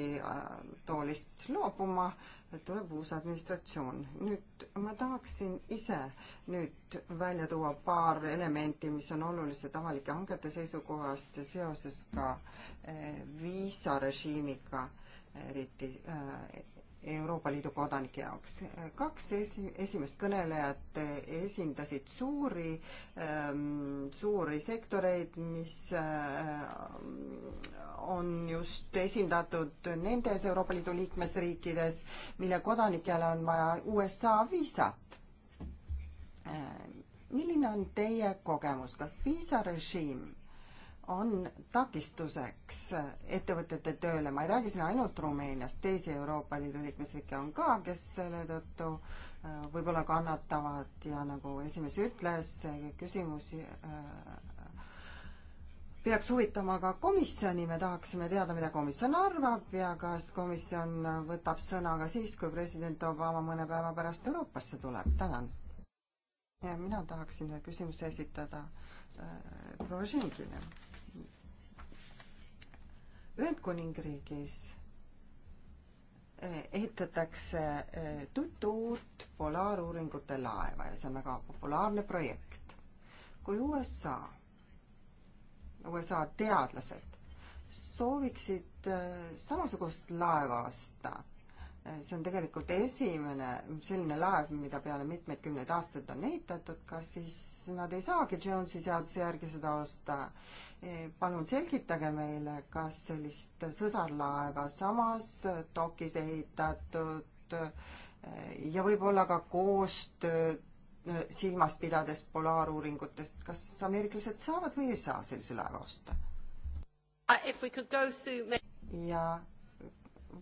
toolist loobuma tuleb uus administratsioon. nüüd ma tahaksin ise nüüd välja tuua paar elementi, mis on olulised avalike hangete seisukohast ja seoses ka eh, viisarežiimiga, eriti eh, Euroopa Liidu kodanike jaoks. kaks esi-, esimest kõnelejat esindasid suuri ähm,, suuri sektoreid, mis äh, on just esindatud nendes Euroopa Liidu liikmesriikides, mille kodanikele on vaja USA viisat äh,. milline on teie kogemus, kas viisarežiim on takistuseks ettevõtete tööle, ma ei räägi siin ainult Rumeeniast, teisi Euroopa Liidu liikmesriike on ka, kes selle tõttu äh, võib-olla kannatavad ja nagu esimees ütles, küsimusi äh, peaks huvitama ka komisjoni, me tahaksime teada, mida komisjon arvab ja kas komisjon võtab sõna ka siis, kui president Obama mõne päeva pärast Euroopasse tuleb, tänan. ja mina tahaksin ühe küsimuse esitada äh, proua Schindlile Ühendkuningriigis eh, ehitatakse eh, tuttu uut polaaruuringute laeva ja see on väga populaarne projekt. kui USA, USA teadlased sooviksid eh, samasugust laeva osta, see on tegelikult esimene selline laev, mida peale mitmeid kümneid aastaid on ehitatud, kas siis nad ei saagi Jonesi seaduse järgi seda osta? palun selgitage meile, kas sellist sõsarlaeva samas dokis ehitatud ja võib-olla ka koostööd äh, silmas pidades polaaruuringutest, kas ameeriklased saavad või ei saa sellise laeva osta? Uh, ja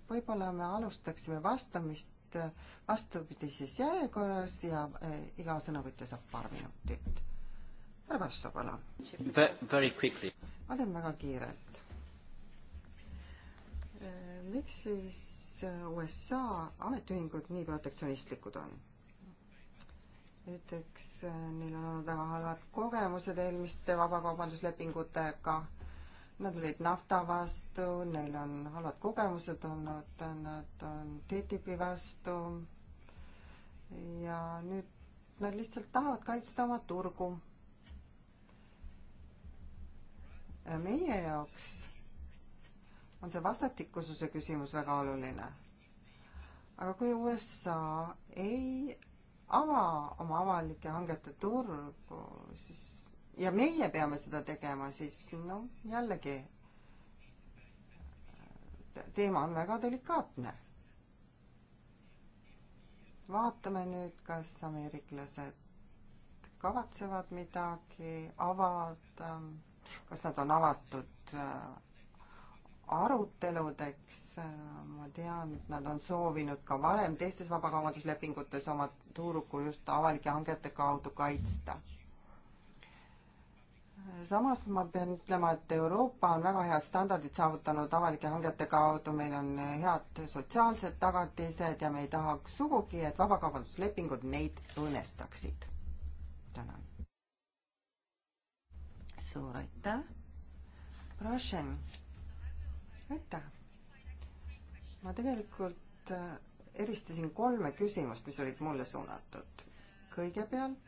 võib-olla me alustaksime vastamist äh, vastupidises järjekorras ja äh, iga sõnavõtja saab paar minutit. härra Vasso, palun. ma teen väga kiirelt. Äh, miks siis USA ametiühingud nii protektsionistlikud on? näiteks neil on olnud väga halvad kogemused eelmiste vabakaubanduslepingutega Nad olid nafta vastu, neil on halvad kogemused olnud, nad on TTIP-i vastu ja nüüd nad lihtsalt tahavad kaitsta oma turgu. meie jaoks on see vastastikususe küsimus väga oluline. aga kui USA ei ava oma avalike hangete turgu, siis ja meie peame seda tegema, siis noh, jällegi teema on väga delikaatne. vaatame nüüd, kas ameeriklased kavatsevad midagi avada, kas nad on avatud äh, aruteludeks, ma tean, et nad on soovinud ka varem teistes vabakaubanduslepingutes oma tuuruku just avalike hangete kaudu kaitsta samas ma pean ütlema, et Euroopa on väga head standardid saavutanud avalike hangete kaudu, meil on head sotsiaalsed tagatised ja me ei tahaks sugugi, et vabakaubanduslepingud neid õõnestaksid. tänan. suur aitäh. Rošen, aitäh. ma tegelikult äh, eristasin kolme küsimust, mis olid mulle suunatud. kõigepealt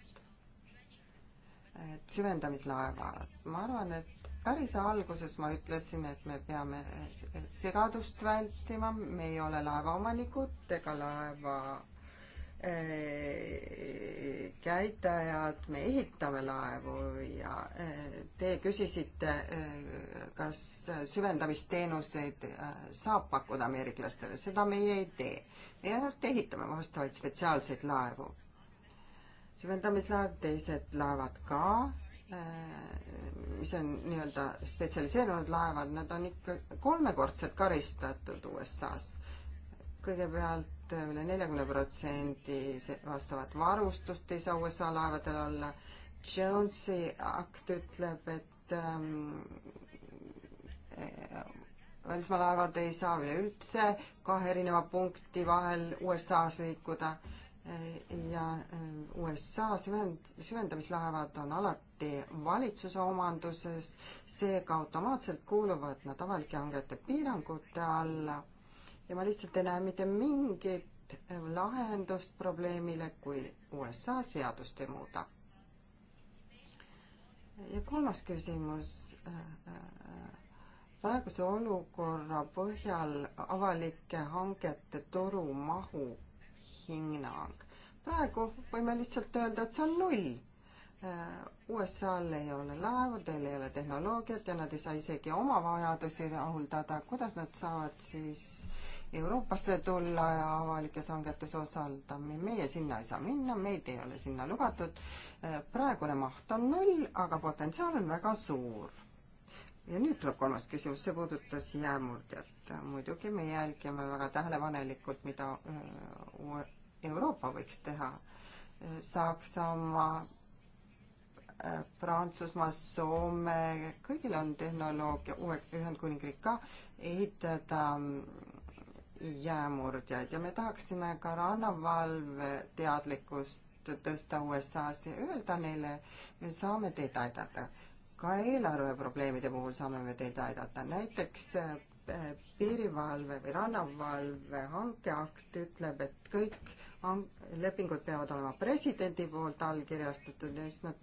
et süvendamislaevad, ma arvan, et päris alguses ma ütlesin, et me peame segadust vältima, me ei ole laevaomanikud ega laeva äh, käitajad, me ehitame laevu ja äh, te küsisite äh,, kas süvendamisteenuseid saab pakkuda ameeriklastele, seda meie ei tee. me ainult ehitame vastavaid spetsiaalseid laevu süvendamislaev, teised laevad ka, äh, mis on nii-öelda spetsialiseerunud laevad, nad on ikka kolmekordselt karistatud USA-s. kõigepealt üle neljakümne protsendi vastavat varustust ei saa USA laevadel olla. Jonesi akt ütleb, et ähm, välismaa laevad ei saa üleüldse kahe erineva punkti vahel USA-s liikuda äh, ja äh, USA süvend, süvendamislaevad on alati valitsuse omanduses, seega automaatselt kuuluvad nad avalike hangete piirangute alla ja ma lihtsalt ei näe mitte mingit lahendust probleemile, kui USA seadust ei muuda. ja kolmas küsimus äh, äh, praeguse olukorra põhjal avalike hangete turumahu hinnang. praegu võime lihtsalt öelda, et see on null. Äh, USA-l ei ole laevu, teil ei ole tehnoloogiat ja nad ei saa isegi oma vajadusi rahuldada, kuidas nad saavad siis Euroopasse tulla ja avalikes hangetes osaleda, meie sinna ei saa minna, meid ei ole sinna lubatud. Äh, praegune maht on null, aga potentsiaal on väga suur. ja nüüd tuleb kolmas küsimus, see puudutas jäämurdjat. muidugi me jälgime väga tähelepanelikult, mida äh, Euroopa võiks teha. Saksamaa, äh, Prantsusmaa, Soome, kõigil on tehnoloogia, Ühendkuningriik ka, ehitada mm, jäämurdjaid ja me tahaksime ka rannavalve teadlikkust tõsta USA-s ja öelda neile, me saame teid aidata. ka eelarveprobleemide puhul saame me teid aidata, näiteks äh, piirivalve või rannavalve hankeakt ütleb, et kõik lepingud peavad olema presidendi poolt allkirjastatud ja siis nad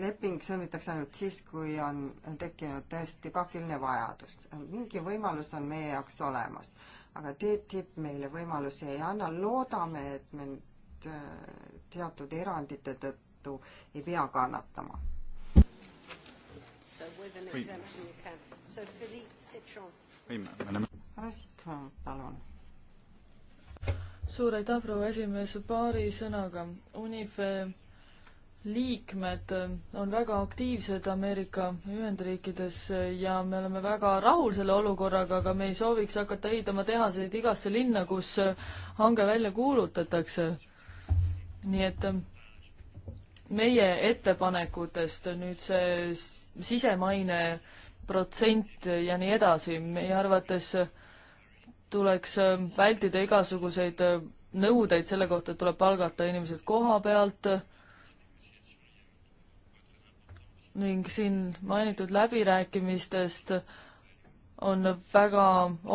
leping sõlmitakse ainult siis, kui on tekkinud tõesti pakiline vajadus. mingi võimalus on meie jaoks olemas, aga TTIP meile võimalusi ei anna, loodame, et me nüüd äh, teatud erandite tõttu ei pea kannatama. härra Sitron, palun suur aitäh, proua esimees, paari sõnaga. UNIFE liikmed on väga aktiivsed Ameerika Ühendriikides ja me oleme väga rahul selle olukorraga, aga me ei sooviks hakata ehitama tehaseid igasse linna, kus hange välja kuulutatakse. nii et meie ettepanekutest nüüd see sisemaine protsent ja nii edasi, meie arvates äh, tuleks äh, vältida igasuguseid äh, nõudeid selle kohta, et tuleb palgata inimesed koha pealt ning siin mainitud läbirääkimistest on väga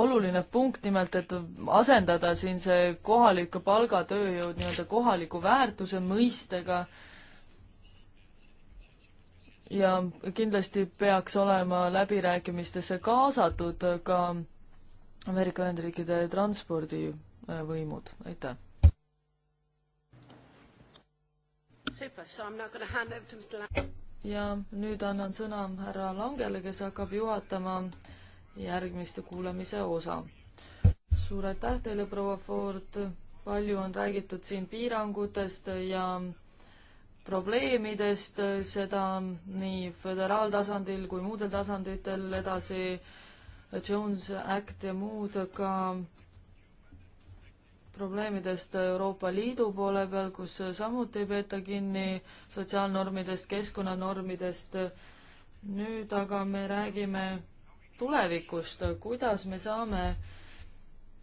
oluline punkt nimelt, et asendada siin see kohaliku palgatööjõud nii-öelda kohaliku väärtuse mõistega. ja kindlasti peaks olema läbirääkimistesse kaasatud ka äh, Ameerika Ühendriikide transpordivõimud, aitäh. ja nüüd annan sõna härra Langele, kes hakkab juhatama järgmiste kuulamise osa. suur aitäh teile, proua Ford, palju on räägitud siin piirangutest ja probleemidest, seda nii föderaaltasandil kui muudel tasanditel edasi äh, Jones Act ja muud ka probleemidest Euroopa Liidu poole peal, kus samuti ei peeta kinni sotsiaalnormidest, keskkonnanormidest. nüüd aga me räägime tulevikust, kuidas me saame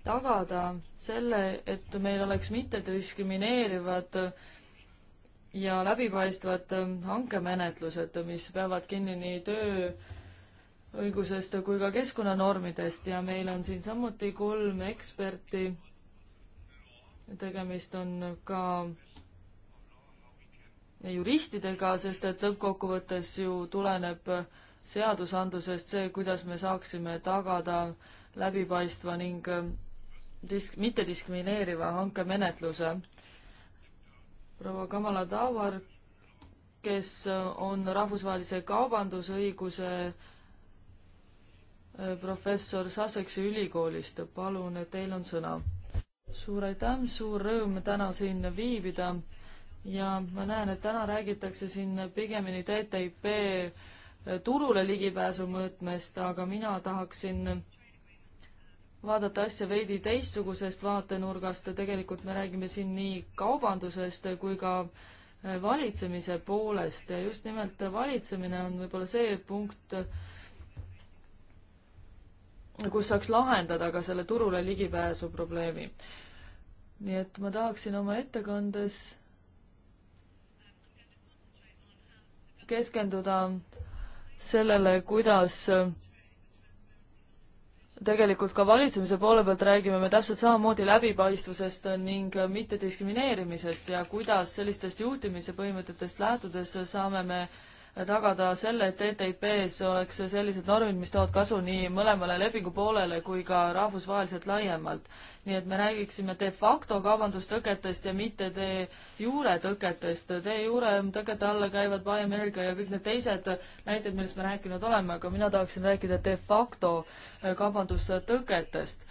tagada selle, et meil oleks mittediskrimineerivad ja läbipaistvad hankemenetlused, mis peavad kinni nii töö õigusest kui ka keskkonnanormidest ja meil on siin samuti kolm eksperti. tegemist on ka juristidega, sest et lõppkokkuvõttes ju tuleneb seadusandlusest see, kuidas me saaksime tagada läbipaistva ning disk-, mittediskrimineeriva hankemenetluse. proua Kamala Tavar, kes on rahvusvahelise kaubandusõiguse äh, professor Sasseksi ülikoolist, palun, teil on sõna. suur aitäh, suur rõõm täna siin viibida ja ma näen, et täna räägitakse siin pigemini TTIP turule ligipääsu mõõtmest, aga mina tahaksin vaadata asja veidi teistsugusest vaatenurgast, tegelikult me räägime siin nii kaubandusest kui ka valitsemise poolest ja just nimelt valitsemine on võib-olla see punkt, kus saaks lahendada ka selle turule ligipääsu probleemi. nii et ma tahaksin oma ettekandes keskenduda sellele, kuidas tegelikult ka valitsemise poole pealt räägime me täpselt samamoodi läbipaistvusest ning mittediskrimineerimisest ja kuidas sellistest juhtimise põhimõtetest lähtudes saame me äh, tagada selle, et e TTIP-s oleks sellised normid, mis toovad kasu nii mõlemale lepingupoolele kui ka rahvusvaheliselt laiemalt. nii et me räägiksime de facto kaubandustõketest ja mitte de jure tõketest. De jure tõkete alla käivad Buy America ja kõik need teised näited, millest me rääkinud oleme, aga mina tahaksin rääkida de facto kaubandustõketest.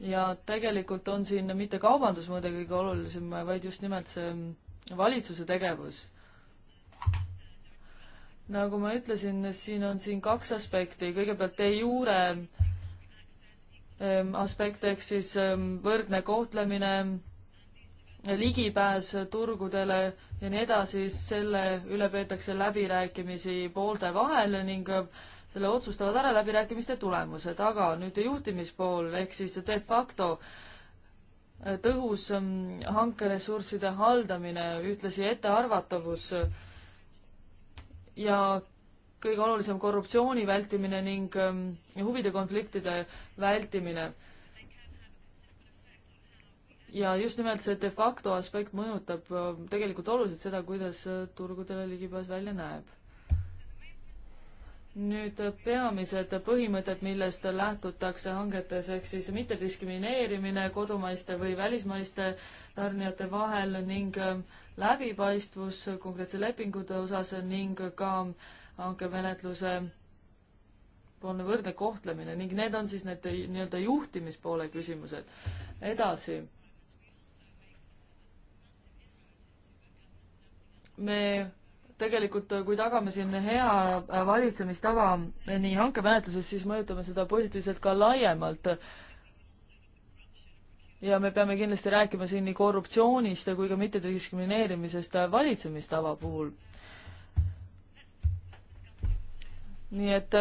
ja tegelikult on siin mitte kaubandus muidugi kõige olulisem, vaid just nimelt see valitsuse tegevus nagu ma ütlesin, siin on siin kaks aspekti, kõigepealt de jure ähm, aspekt ehk siis ähm, võrdne kohtlemine, ligipääs turgudele ja nii edasi, selle üle peetakse läbirääkimisi poolte vahel ning äh, selle otsustavad ära läbirääkimiste tulemused, aga nüüd juhtimispool ehk siis de facto äh, tõhus ähm, hankeressursside haldamine, ühtlasi ettearvatavus äh, ja kõige olulisem korruptsiooni vältimine ning ähm, huvide konfliktide vältimine. ja just nimelt see de facto aspekt mõjutab ähm, tegelikult oluliselt seda, kuidas äh, turgudele ligipääs välja näeb nüüd äh, peamised põhimõtted, millest lähtutakse hangetes, ehk siis mittediskrimineerimine kodumaiste või välismaiste tarnijate vahel ning ähm, läbipaistvus konkreetse lepingute osas ning ka ähm, hankemenetluse poolne võrdne kohtlemine ning need on siis need nii-öelda juhtimispoole küsimused. edasi. me tegelikult äh, kui tagame siin hea äh, valitsemistava äh, nii hankemenetluses, siis mõjutame seda positiivselt ka laiemalt. ja me peame kindlasti rääkima siin nii korruptsioonist kui ka mittediskrimineerimisest valitsemistava puhul. nii et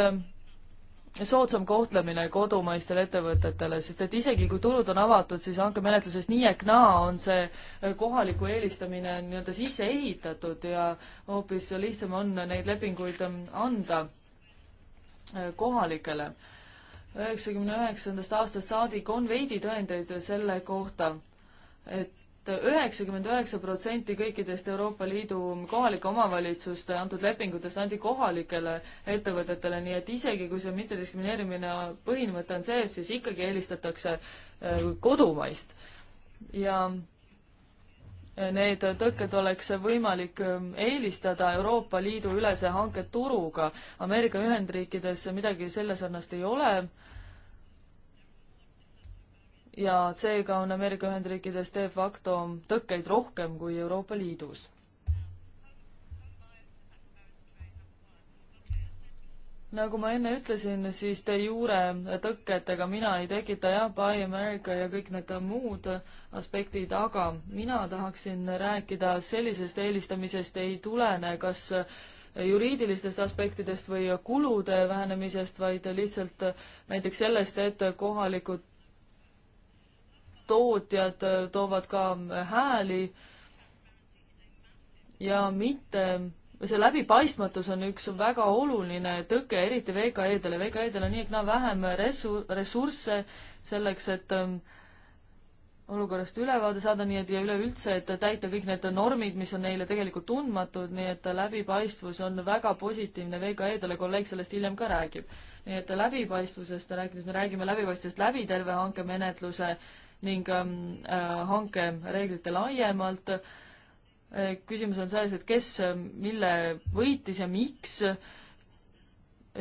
soodsam kohtlemine kodumaistele ettevõtetele, sest et isegi kui turud on avatud, siis hankemenetluses nii ehk naa on see eh, kohaliku eelistamine nii-öelda sisse ehitatud ja hoopis lihtsam on neid lepinguid mm, anda eh, kohalikele. üheksakümne üheksandast aastast saadik on veidi tõendeid selle kohta, et et üheksakümmend üheksa protsenti kõikidest Euroopa Liidu kohalike omavalitsuste antud lepingutest anti kohalikele ettevõtetele, nii et isegi kui see mittediskrimineerimine põhimõte on sees, siis ikkagi eelistatakse äh, kodumaist. ja äh, need tõkked oleks võimalik ähm, eelistada Euroopa Liidu ülese hanke turuga. Ameerika Ühendriikides midagi selle sarnast ei ole ja seega on Ameerika Ühendriikides de facto tõkkeid rohkem kui Euroopa Liidus. nagu ma enne ütlesin, siis de jure tõketega mina ei tekita jah, Buy America ja kõik need muud aspektid, aga mina tahaksin rääkida sellisest eelistamisest ei tulene kas juriidilistest aspektidest või kulude vähenemisest, vaid lihtsalt näiteks sellest, et kohalikud tootjad äh, toovad ka mm, hääli ja mitte, see läbipaistmatus on üks väga oluline tõke, eriti VKE-dele. VKE-del on nii, et nad vähem ressu-, ressursse selleks, et ähm, olukorrast ülevaade saada, nii et ja üleüldse, et täita kõik need normid, mis on neile tegelikult tundmatud, nii et läbipaistvus on väga positiivne VKE-dele, kolleeg sellest hiljem ka räägib. nii et läbipaistvusest rääkides, me räägime läbipaistvusest läbi terve hankemenetluse ning ähm, äh, hankereeglite laiemalt. Äh, küsimus on selles, et kes ähm, mille võitis ja miks.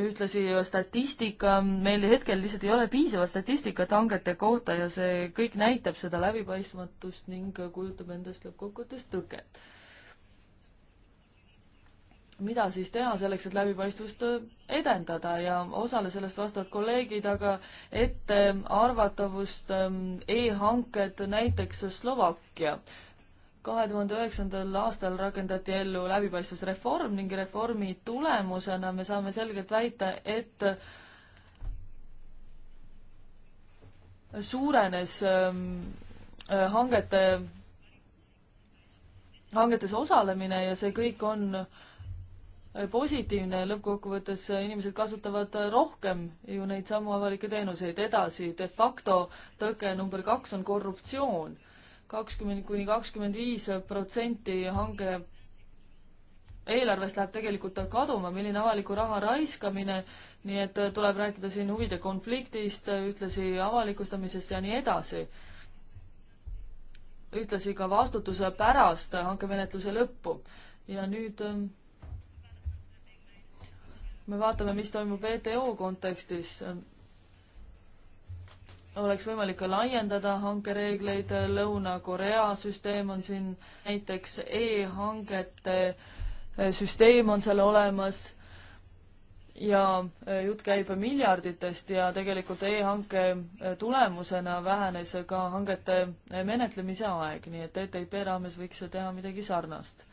ühtlasi statistika, meil hetkel lihtsalt ei ole piisavat statistikat hangete kohta ja see kõik näitab seda läbipaistmatust ning kujutab endast lõppkokkuvõttes tõket mida siis teha selleks, et läbipaistvust äh, edendada ja osale sellest vastavad kolleegid, aga ettearvatavust ähm, e-hanked näiteks Slovakkia. kahe tuhande üheksandal aastal rakendati ellu läbipaistvusreform ning reformi tulemusena me saame selgelt väita, et suurenes ähm, äh, hangete, hangetes osalemine ja see kõik on äh, positiivne, lõppkokkuvõttes inimesed kasutavad rohkem ju neid samu avalikke teenuseid edasi, de facto tõke number kaks on korruptsioon. kakskümmend kuni kakskümmend viis protsenti hange eelarvest läheb tegelikult kaduma, milline avaliku raha raiskamine, nii et tuleb rääkida siin huvide konfliktist, ühtlasi avalikustamisest ja nii edasi. ühtlasi ka vastutuse pärast hankemenetluse lõppu ja nüüd ähm, me vaatame, mis toimub WTO kontekstis. oleks võimalik ka laiendada hankereegleid, Lõuna-Korea süsteem on siin näiteks e, e-hangete süsteem on seal olemas ja jutt käib miljarditest ja tegelikult e-hanke tulemusena vähenes ka hangete menetlemise aeg, nii et TTIP raames võiks ju teha midagi sarnast.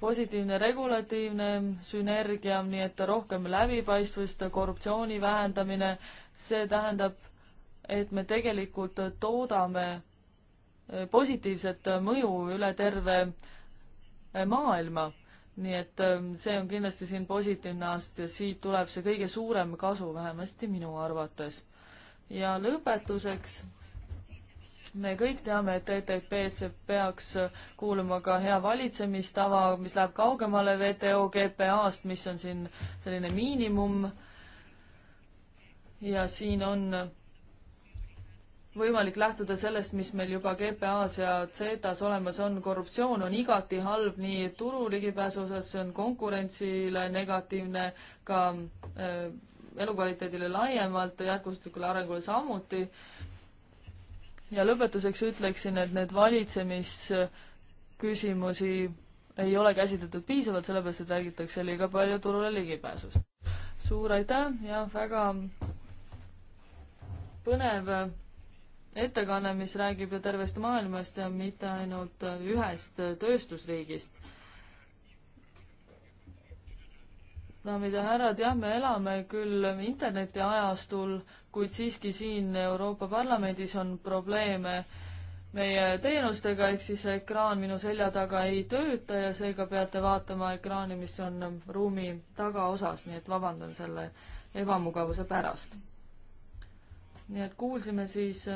positiivne regulatiivne sünergia, nii et rohkem läbipaistvust, korruptsiooni vähendamine, see tähendab, et me tegelikult toodame eh, positiivset mõju üle terve eh, maailma. nii et eh, see on kindlasti siin positiivne aast ja siit tuleb see kõige suurem kasu, vähemasti minu arvates. ja lõpetuseks me kõik teame, et e TTP-sse peaks kuuluma ka hea valitsemistava, mis läheb kaugemale WTO GPA-st, mis on siin selline miinimum. ja siin on võimalik lähtuda sellest, mis meil juba GPA-s ja CETA-s olemas on, korruptsioon on igati halb nii turu ligipääsu osas, see on konkurentsile negatiivne, ka äh, elukvaliteedile laiemalt, jätkusuutlikule arengule samuti ja lõpetuseks ütleksin, et need valitsemisküsimusi ei ole käsitletud piisavalt, sellepärast et räägitakse liiga palju turule ligipääsust. suur aitäh ja väga põnev ettekanne, mis räägib ju tervest maailmast ja mitte ainult ühest tööstusriigist daamid ja härrad, jah, me elame küll internetiajastul, kuid siiski siin Euroopa Parlamendis on probleeme meie teenustega, ehk siis ekraan minu selja taga ei tööta ja seega peate vaatama ekraani, mis on ruumi tagaosas, nii et vabandan selle ebamugavuse pärast. nii et kuulsime siis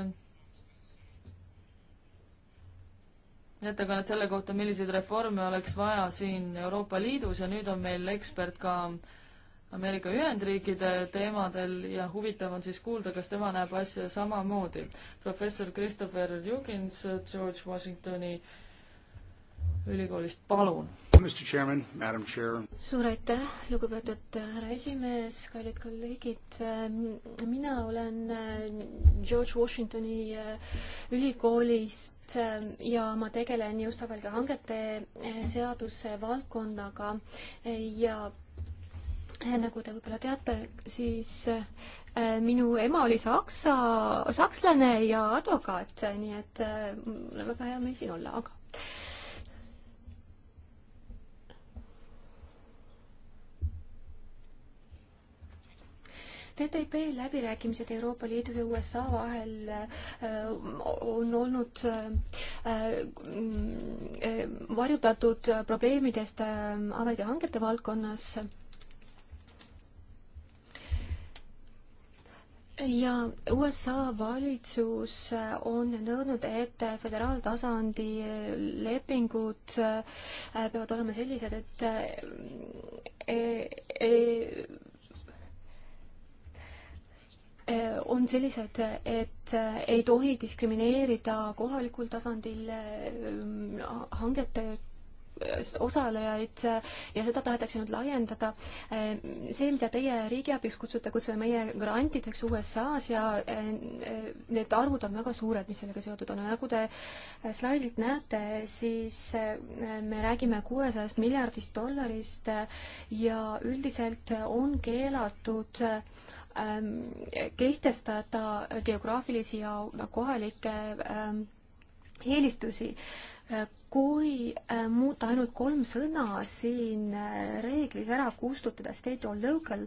ettekannet selle kohta, milliseid reforme oleks vaja siin Euroopa Liidus ja nüüd on meil ekspert ka Ameerika Ühendriikide teemadel ja huvitav on siis kuulda, kas tema näeb asja samamoodi. professor Christopher Jugins George Washingtoni ülikoolist, palun. suur aitäh, lugupeetud härra esimees, kallid kolleegid. mina olen äh, George Washingtoni äh, ülikoolist äh, ja ma tegelen just avalike hangete seaduse valdkonnaga ja nagu te võib-olla teate, siis minu ema oli saksa, sakslane ja advokaat, nii et mul on väga hea meel siin olla, aga TTIP läbirääkimised Euroopa Liidu ja USA vahel äh, on olnud äh, äh, varjutatud probleemidest avalike hangete valdkonnas ja USA valitsus on nõudnud, et föderaaltasandi lepingud peavad olema sellised, et e, e, Äh, on sellised, et äh, ei tohi diskrimineerida kohalikul tasandil äh, hangete osalejaid ja seda tahetakse nüüd laiendada. see, mida teie riigiabiks kutsute, kutsume meie grantideks USA-s ja need arvud on väga suured, mis sellega seotud on. nagu te slaidilt näete, siis me räägime kuuesajast miljardist dollarist ja üldiselt on keelatud Ähm, kehtestada geograafilisi ja kohalikke ähm, eelistusi kui äh, muuta ainult kolm sõna siin äh, reeglis ära, kustutada state or local,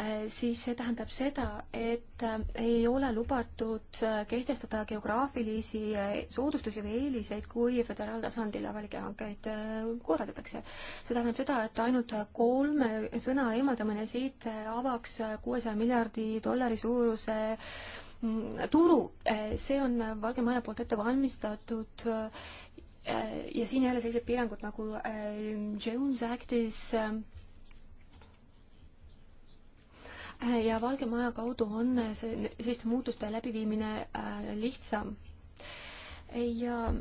äh, siis see tähendab seda, et ei ole lubatud kehtestada geograafilisi soodustusi või eeliseid, kui föderaaltasandil avalikke hankeid korraldatakse. see tähendab seda, et ainult kolme sõna eemaldamine siit avaks kuuesaja miljardi dollari suuruse mm, turu, see on Valge Maja poolt ette valmistatud äh, Äh, ja siin jälle sellised piirangud nagu äh, Jones Actis äh, ja Valge Maja kaudu on see, selliste muutuste läbiviimine lihtsam. ja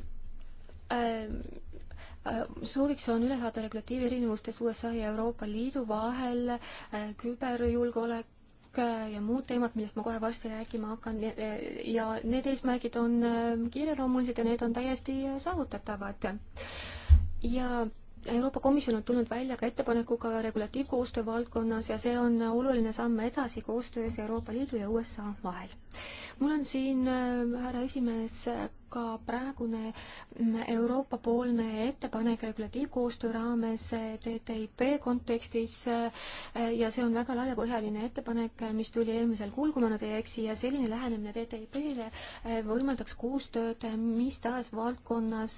sooviks on üle saada regulatiivi erinevustest USA ja Euroopa Liidu vahel, küberjulgeolek, turg ja muud teemad, millest ma kohe varsti rääkima hakkan ja need eesmärgid on äh, kiireloomulised ja need on täiesti äh, saavutatavad. ja Euroopa Komisjon on tulnud välja ka ettepanekuga regulatiivkoostöö valdkonnas ja see on oluline samm edasi koostöös Euroopa Liidu ja USA vahel. mul on siin, äh, härra esimees, ka praegune mm, Euroopa-poolne ettepanek regulatiivkoostöö raames eh, TTIP kontekstis eh, ja see on väga laiapõhjaline ettepanek, eh, mis tuli eelmisel kuul, kui ma nüüd ei eksi, ja selline lähenemine TTIP-le võimaldaks koostööd mis tahes valdkonnas,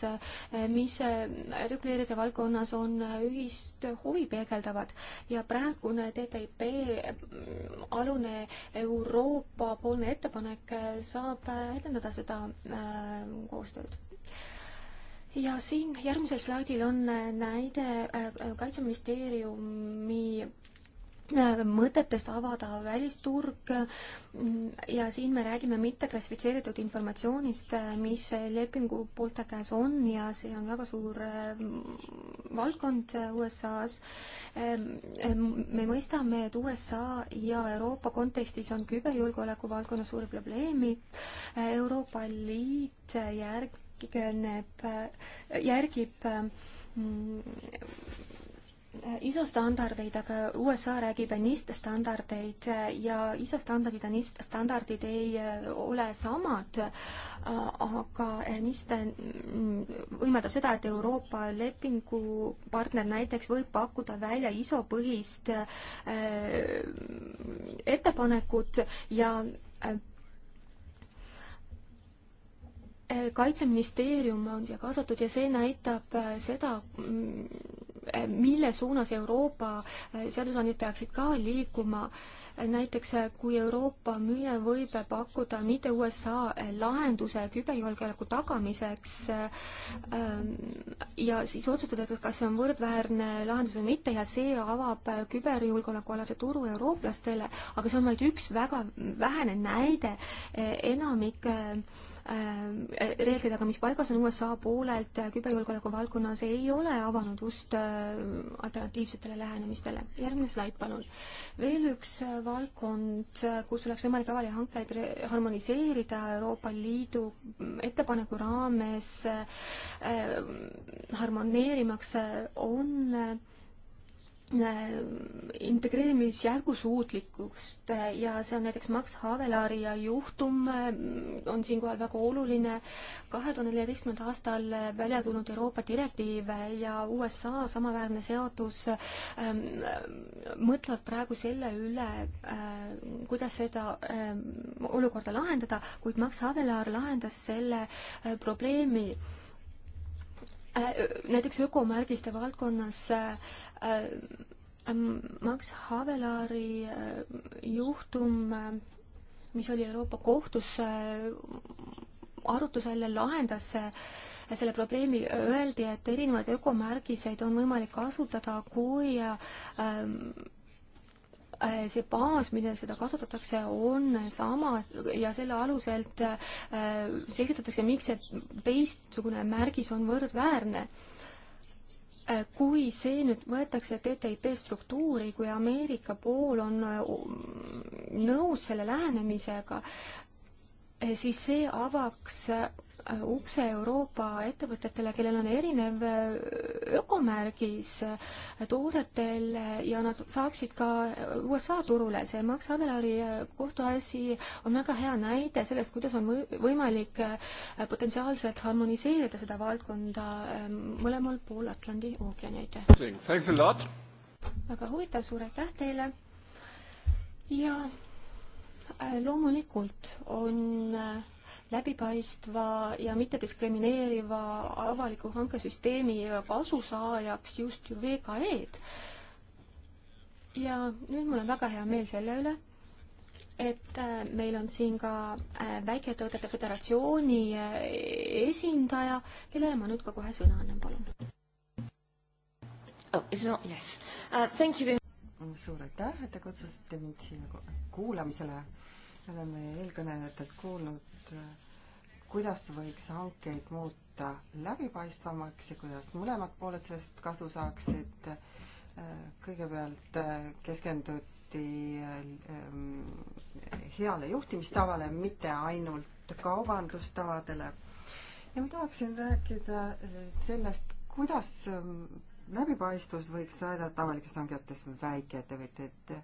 mis reguleerida valdkonnas on ühist huvi peegeldavad ja praegune TTIP mm, alune Euroopa-poolne ettepanek saab edendada seda koostööd ja siin järgmisel slaidil on näide äh, Kaitseministeeriumi mõtetest avada välisturg ja siin me räägime mitteklassifitseeritud informatsioonist, mis lepingu poolte käes on ja see on väga suur mm, valdkond USA-s. Ehm, me mõistame, et USA ja Euroopa kontekstis on küberjulgeoleku valdkonnas suuri probleeme. Euroopa Liit järgneb, järgib mm, Äh, ISO standardeid, aga USA räägib NIST standardeid äh, ja ISO standardid ja NIST standardid ei äh, ole samad, aga NIST mm, võimaldab seda, et Euroopa lepingupartner näiteks võib pakkuda välja ISO põhist ettepanekut ja kaitseministeerium on siia kaasatud ja see näitab seda, mm, mille suunas Euroopa äh, seadusandjad peaksid ka liikuma. näiteks äh, kui Euroopa müüja võib pakkuda mitte USA äh, lahenduse küberjulgeoleku tagamiseks ähm, ja siis otsustada, kas see on võrdväärne lahendus või mitte ja see avab küberjulgeolekualase turu eurooplastele, aga see on vaid üks väga vähene näide enamike Äh, reeglid, aga mis paigas on USA poolelt äh, küberjulgeoleku valdkonnas, ei ole avanud ust äh, alternatiivsetele lähenemistele. järgmine slaid, palun. veel üks valdkond, kus oleks võimalik avalikke hankeid harmoniseerida Euroopa Liidu mm, ettepaneku raames harmoneerimaks, on Äh, integreerimisjärgusuutlikkust äh, ja see on näiteks Max Havelaari ja juhtum äh, on siinkohal väga oluline. kahe tuhande neljateistkümnendal aastal välja tulnud Euroopa direktiiv ja USA samaväärne seadus ähm, mõtlevad praegu selle üle äh,, kuidas seda äh, olukorda lahendada, kuid Max Havelaar lahendas selle äh, probleemi näiteks ökomärgiste valdkonnas äh, Äh, ähm, Max Havelaari äh, juhtum, äh, mis oli Euroopa Kohtus arutusel, lahendas selle probleemi, öeldi, et erinevaid ökomärgiseid on võimalik kasutada, kui see baas, millel seda kasutatakse, on sama ja selle aluselt selgitatakse, miks see teistsugune märgis on võrdväärne Äh, kui see nüüd võetakse TTIP struktuuri, kui Ameerika pool on äh, nõus selle lähenemisega, äh, siis see avaks ukse Euroopa ettevõtetele, kellel on erinev äh, ökomärgis äh, toodetel ja nad saaksid ka USA turule. see Max Avelari äh, kohtuasi on väga hea näide sellest, kuidas on võimalik potentsiaalselt harmoniseerida seda valdkonda mõlemal pool Atlandi ookeani. aitäh! väga huvitav, suur aitäh teile! ja loomulikult on läbipaistva ja mittediskrimineeriva avaliku hankesüsteemi kasusaajaks just ju VKE-d. ja nüüd mul on väga hea meel selle üle, et äh, meil on siin ka äh, Väikeettevõtete Föderatsiooni äh, esindaja, kellele ma nüüd ka kohe sõna annan, palun. Oh, is it not? Yes. Uh, thank you very much. suur aitäh, et te kutsusite mind siia kuulamisele me oleme eelkõnelejatelt kuulnud, kuidas võiks hankeid muuta läbipaistvamaks ja kuidas mõlemad pooled sellest kasu saaksid. kõigepealt keskenduti ehm, heale juhtimistavale, mitte ainult kaubandustavadele. ja ma tahaksin rääkida eh, sellest, kuidas ehm, läbipaistvus võiks aidata avalikes hangetes väikeettevõtjaid et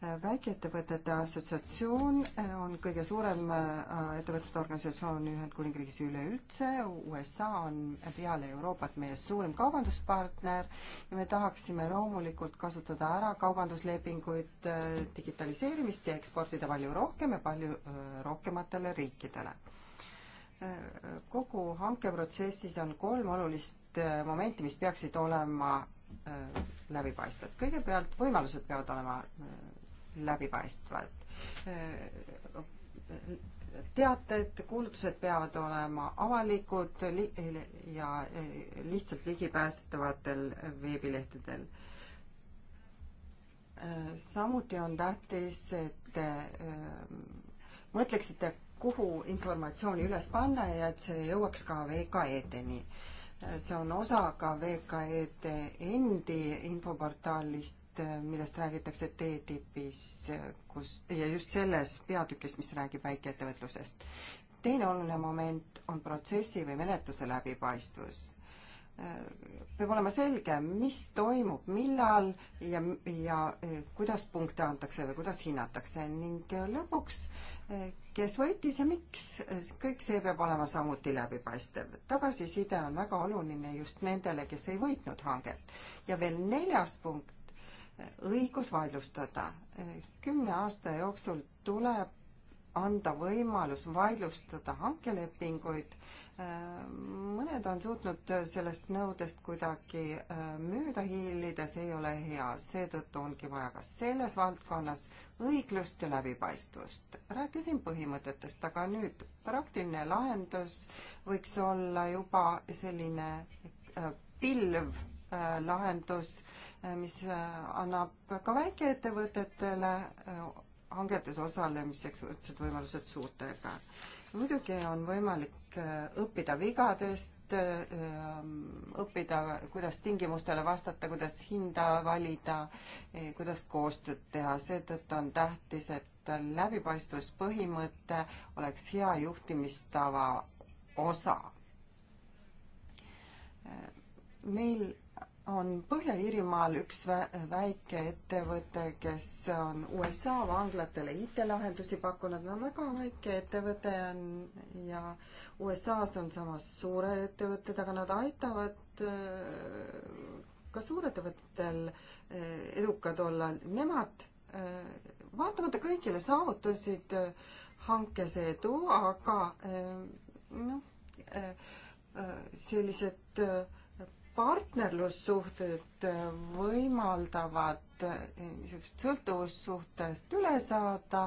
väikeettevõtete assotsiatsioon eh, on kõige suurem eh, ettevõtete organisatsioon Ühendkuningriigis üleüldse. USA on peale Euroopat meie suurim kaubanduspartner ja me tahaksime loomulikult kasutada ära kaubanduslepinguid, eh, digitaliseerimist ja eksportida palju rohkem ja palju rohkematele riikidele. kogu hankeprotsessis on kolm olulist momenti, mis peaksid olema läbipaistvad. kõigepealt võimalused peavad olema läbipaistvalt. teated, kuulutused peavad olema avalikud ja lihtsalt ligipääsetavatel veebilehtedel. samuti on tähtis, et äh, mõtleksite, kuhu informatsiooni üles panna ja et see jõuaks ka VKE-deni see on osa ka VKE-d endi infoportaalist Äh, millest räägitakse TTIP-is, äh, kus ja just selles peatükis, mis räägib väikeettevõtlusest. teine oluline moment on protsessi või menetluse läbipaistvus. Äh, peab olema selge, mis toimub, millal ja, ja kuidas punkte antakse või kuidas hinnatakse ning lõpuks, kes võitis ja miks, kõik see peab olema samuti läbipaistev. tagasiside on väga oluline just nendele, kes ei võitnud hanget. ja veel neljas punkt, õigus vaidlustada. kümne aasta jooksul tuleb anda võimalus vaidlustada hankelepinguid. mõned on suutnud sellest nõudest kuidagi äh, mööda hiilida, see ei ole hea, seetõttu ongi vaja ka selles valdkonnas õiglust ja läbipaistvust. rääkisin põhimõtetest, aga nüüd praktiline lahendus võiks olla juba selline äh, pilv Äh, lahendust, äh, mis äh, annab ka väikeettevõtetele hangetes osalemiseks võrdsed võimalused suurtega. muidugi on võimalik õppida vigadest, ähm, õppida, kuidas tingimustele vastata, kuidas hinda valida, kuidas koostööd teha, seetõttu on tähtis, et läbipaistvuspõhimõte oleks hea juhtimistava osa. meil on Põhja-Iirimaal üks väike ettevõte, kes on USA vanglatele IT-lahendusi pakkunud, no väga väike ettevõte on ja USA-s on samas suured ettevõtted, aga nad aitavad äh, ka suurettevõtetel äh, edukad olla, nemad äh, vaatamata kõigile saavutasid hankes edu, aga noh, sellised äh, partnerlussuhted võimaldavad eh, niisugusest sõltuvussuhtest üle saada,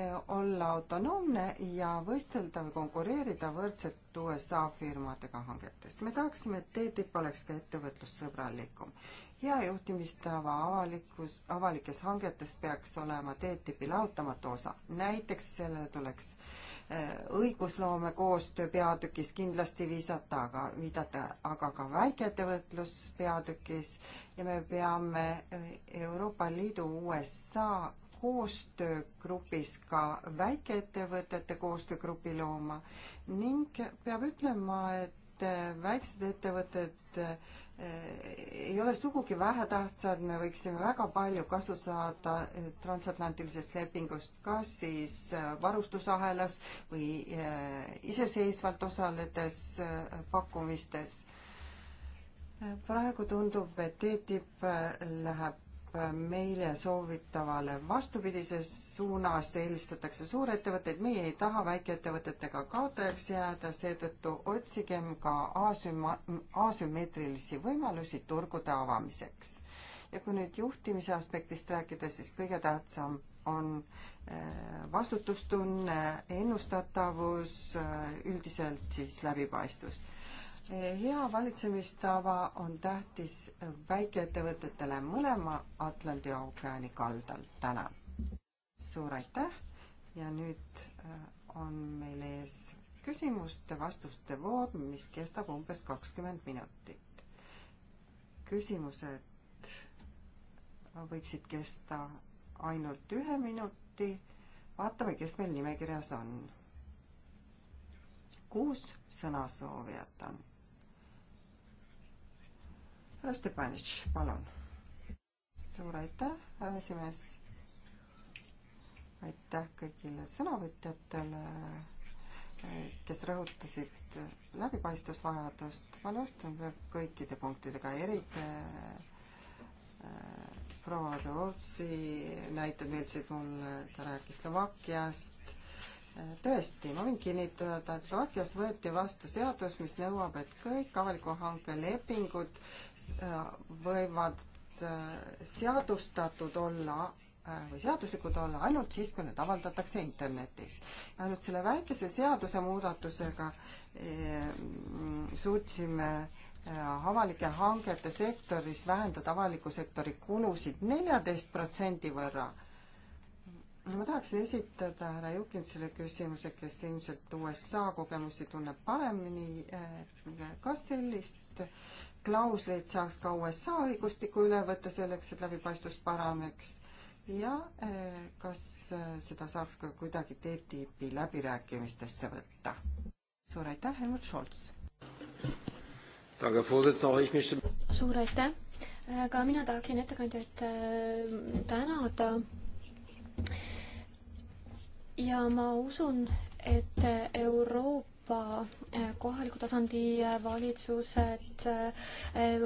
eh, olla autonoomne ja võistelda või konkureerida võrdselt USA firmadega hangetes. me tahaksime, et TTIP oleks ka ettevõtlussõbralikum hea juhtimistava avalikus, avalikes hangetes peaks olema TTIP-i lahutamatu osa. näiteks sellele tuleks eh, õigusloome koostöö peatükis kindlasti viisata, aga viidata, aga ka väikeettevõtlus peatükis ja me peame eh, Euroopa Liidu USA koostöögrupis ka väikeettevõtete koostöögrupi looma ning peab ütlema, et et äh, väiksed ettevõtted äh, ei ole sugugi vähetähtsad, me võiksime väga palju kasu saada äh, transatlantilisest lepingust, kas siis varustusahelas või iseseisvalt osaledes pakkumistes. praegu tundub, et TTIP läheb meile soovitavale vastupidises suunas, eelistatakse suurettevõtteid, meie ei taha väikeettevõtetega kaotajaks jääda, seetõttu otsigem ka asüma-, asümmeetrilisi võimalusi turgude avamiseks. ja kui nüüd juhtimise aspektist rääkida, siis kõige tähtsam on äh, vastutustunne, ennustatavus, äh, üldiselt siis läbipaistvus hea valitsemistava on tähtis väikeettevõtetele mõlema Atlandi ookeani kaldal. tänan. suur aitäh ja nüüd äh, on meil ees küsimuste-vastuste voor, mis kestab umbes kakskümmend minutit. küsimused võiksid kesta ainult ühe minuti. vaatame, kes meil nimekirjas on. kuus sõnasoovijat on härra Stepanitš, palun. suur aitäh, härra esimees. aitäh kõigile sõnavõtjatele, kes rõhutasid läbipaistvusvajadust. ma nõustun kõikide punktidega, eriti äh, proua Dorotsi näited meeldisid mulle, ta rääkis Slovakkiast tõesti, ma võin kinnitada, et Slovakkias võeti vastu seadus, mis nõuab, et kõik avaliku hanke lepingud äh, võivad äh, seadustatud olla äh, või seaduslikud olla ainult siis, kui need avaldatakse internetis. ainult selle väikese seadusemuudatusega suutsime avalike hangete sektoris vähendada avaliku sektori kulusid neljateist protsendi võrra ma tahaksin esitada härra Jukinsile küsimuse, kes ilmselt USA kogemusi tunneb paremini. kas sellist klausleid saaks ka USA õigustikku üle võtta selleks, et läbipaistvus paraneks? ja eh, kas eh, seda saaks ka kuidagi TTIP-i läbirääkimistesse võtta? suur aitäh, Helmut Scholz! suur aitäh! ka mina tahaksin ettekandjaid eh, tänada et ja ma usun, et Euroopa juba eh, kohaliku tasandi eh, valitsused eh,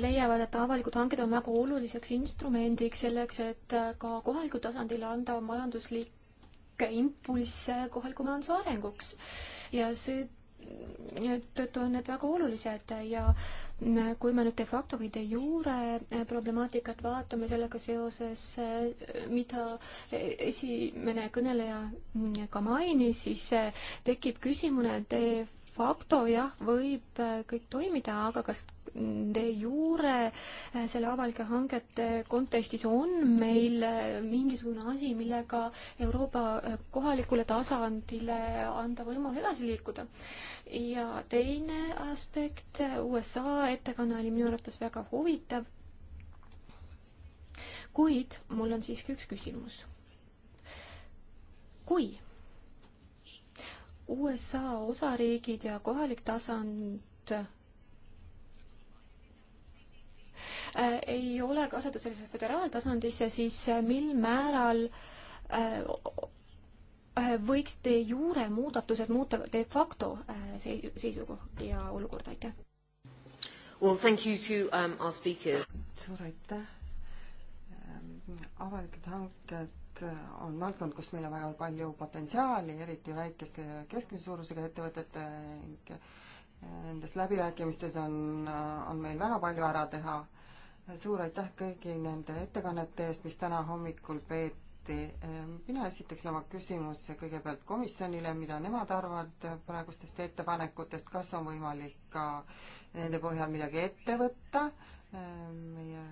leiavad, et avalikud hanked on väga oluliseks instrumendiks selleks, et ka kohalikul tasandil anda majanduslikke impulsse kohaliku majanduse arenguks. ja seetõttu mm, on need väga olulised ja äh, kui me nüüd de facto või de jure eh, problemaatikat vaatame sellega seoses, eh, mida eh, esimene kõneleja mm, ka mainis, siis tekib küsimune de facto jah, võib äh, kõik toimida, aga kas de jure äh, selle avalike hangete kontekstis on meil äh, mingisugune asi, millega Euroopa kohalikule tasandile anda võimalus edasi liikuda. ja teine aspekt, USA ettekanne oli minu arvates väga huvitav. kuid mul on siiski üks küsimus. kui USA osariigid ja kohalik tasand äh, ei ole kaasatud sellisesse föderaaltasandisse, siis äh, mil määral äh, võiks de jure muudatused muuta de facto seisukohti ja olukorda, aitäh! Well, thank you to um, our speakers. suur aitäh! Ähm, avalikud hanked Äh, on valdkond, kus meil on väga palju potentsiaali, eriti väikeste ja keskmise suurusega ettevõtete ning äh, nendes läbirääkimistes on, äh, on meil väga palju ära teha. suur aitäh kõigi nende ettekannete eest, mis täna hommikul peeti. mina esitaksin oma küsimuse kõigepealt komisjonile, mida nemad arvavad praegustest ettepanekutest, kas on võimalik ka nende põhjal midagi ette võtta meie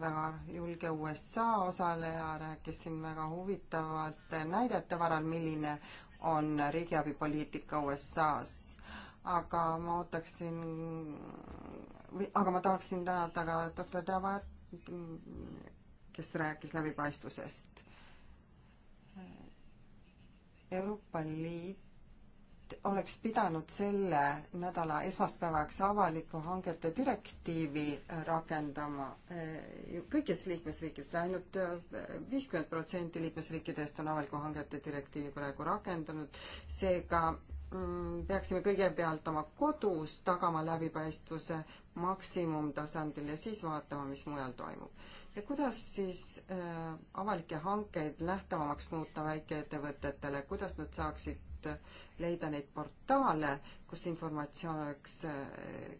väga julge USA osaleja rääkis siin väga huvitavalt näidete varal, milline on riigiabipoliitika USA-s. aga ma ootaksin, aga ma tahaksin tänada ka doktor Tavat, kes rääkis läbipaistvusest. Euroopa Liit oleks pidanud selle nädala esmaspäevaks avaliku hangete direktiivi äh, rakendama äh, kõikides liikmesriikides, ainult äh, viiskümmend protsenti liikmesriikidest on avaliku hangete direktiivi praegu rakendanud, seega mm, peaksime kõigepealt oma kodus tagama läbipaistvuse maksimumtasandil ja siis vaatama, mis mujal toimub ja kuidas siis äh, avalikke hankeid nähtavamaks muuta väikeettevõtetele, kuidas nad saaksid et leida neid portaale, kus informatsioon oleks äh,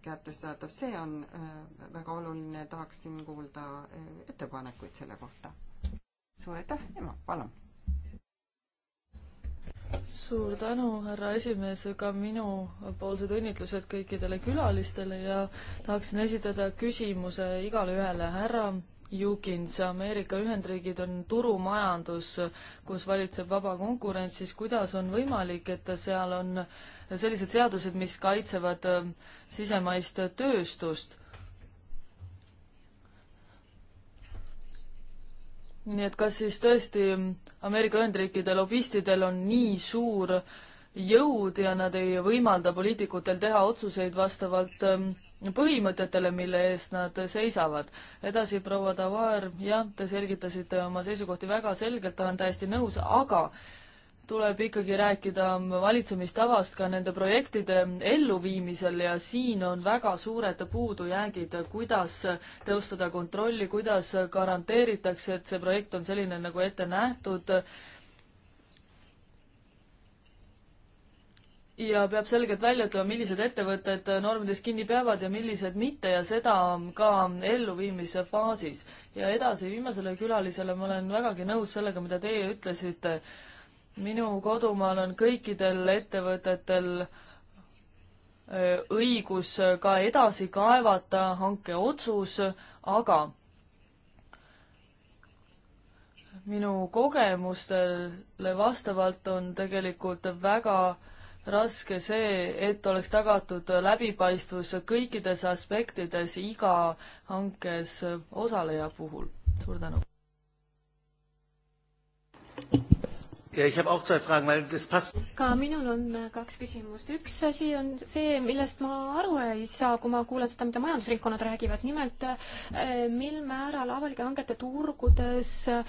kättesaadav, see on äh, väga oluline, tahaksin kuulda äh, ettepanekuid selle kohta. suur aitäh, Emma, palun! suur tänu, härra esimees, ka minupoolsed õnnitlused kõikidele külalistele ja tahaksin esitada küsimuse igale ühele. härra Jukins, Ameerika Ühendriigid on turumajandus, kus valitseb vaba konkurents, siis kuidas on võimalik, et seal on sellised seadused, mis kaitsevad äh, sisemaist tööstust? nii et kas siis tõesti Ameerika Ühendriikide lobistidel on nii suur jõud ja nad ei võimalda poliitikutel teha otsuseid vastavalt äh, põhimõtetele, mille eest nad seisavad. edasi, proua Tavaar, jah, te selgitasite oma seisukohti väga selgelt, olen täiesti nõus, aga tuleb ikkagi rääkida valitsemistavast ka nende projektide elluviimisel ja siin on väga suured puudujäägid, kuidas tõustada kontrolli, kuidas garanteeritakse, et see projekt on selline, nagu ette nähtud ja peab selgelt välja ütlema, millised ettevõtted normidest kinni peavad ja millised mitte ja seda ka elluviimise faasis. ja edasi viimasele külalisele ma olen vägagi nõus sellega, mida teie ütlesite. minu kodumaal on kõikidel ettevõtetel äh, õigus ka edasi kaevata hankeotsus, aga minu kogemustele vastavalt on tegelikult väga äh, raske see, et oleks tagatud läbipaistvus kõikides aspektides iga hankes osaleja puhul. suur tänu. ka minul on äh, kaks küsimust. üks asi on see, millest ma aru ei saa, kui ma kuulan seda, mida majandusringkonnad räägivad, nimelt äh, mil määral avalike hangete turgudes äh,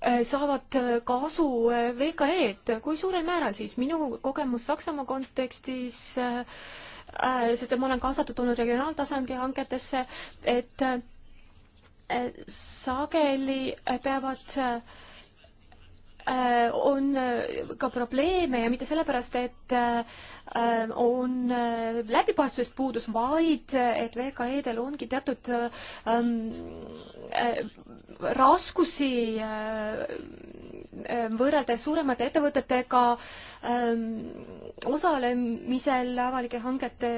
Äh, saavad äh, kasu äh, VKE-d, kui suurel määral siis? minu kogemus Saksamaa kontekstis sest et ma olen kaasatud olnud regionaaltasandi hangetesse, et sageli peavad Äh, on äh, ka probleeme ja mitte sellepärast, et äh, on läbipaistvust puudus, vaid et VKE-del ongi teatud ähm, raskusi Ähm, võrreldes suuremate ettevõtetega ähm, osalemisel avalike hangete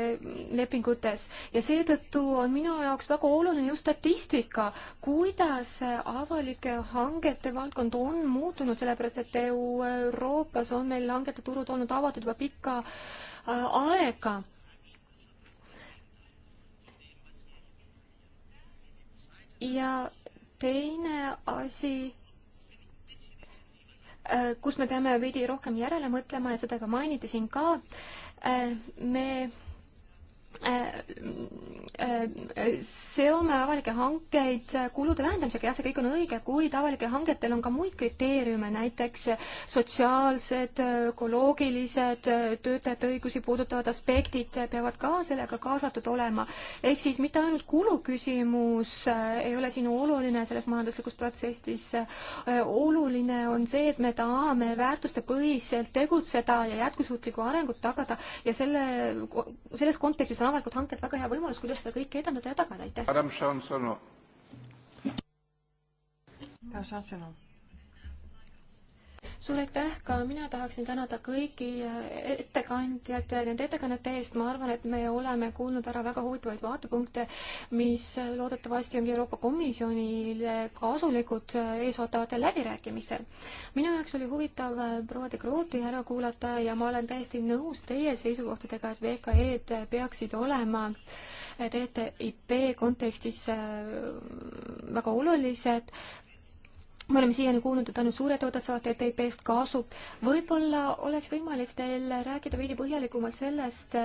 lepingutes ja seetõttu on minu jaoks väga oluline just statistika, kuidas avalike hangete valdkond on muutunud, sellepärast et Euroopas on meil hangete turud olnud avatud juba pikka äh, aega ja teine asi Äh, kus me peame veidi rohkem järele mõtlema ja seda ka mainiti siin ka. Äh, me Äh, äh, seome avalikke hankeid äh, kulude vähendamisega, jah, see kõik on õige, kuid avalikel hangetel on ka muid kriteeriume, näiteks sotsiaalsed, ökoloogilised, töötajate õigusi puudutavad aspektid peavad ka sellega kaasatud olema. ehk siis mitte ainult kuluküsimus ei ole siin oluline selles majanduslikus protsessis, oluline on see, et me tahame väärtustepõhiselt tegutseda ja jätkusuutlikku arengut tagada ja selle, selles kontekstis on avalikud hanked väga hea võimalus, kuidas seda kõike edendada ja tagada, aitäh suur aitäh ka, mina tahaksin tänada kõiki eh, ettekandjad nende ettekannete eest, ma arvan, et me oleme kuulnud ära väga huvitavaid vaatepunkte, mis loodetavasti on Euroopa Komisjonile kasulikud eh, eesootavatel läbirääkimistel. minu jaoks oli huvitav eh, proua de Grooti ära kuulata ja ma olen täiesti nõus teie seisukohtadega, et VKE-d peaksid olema TTIP kontekstis väga olulised me oleme siiani kuulnud, et ainult suured tootjad saavad TTIP-st kasu. võib-olla oleks võimalik teil rääkida veidi põhjalikumalt sellest,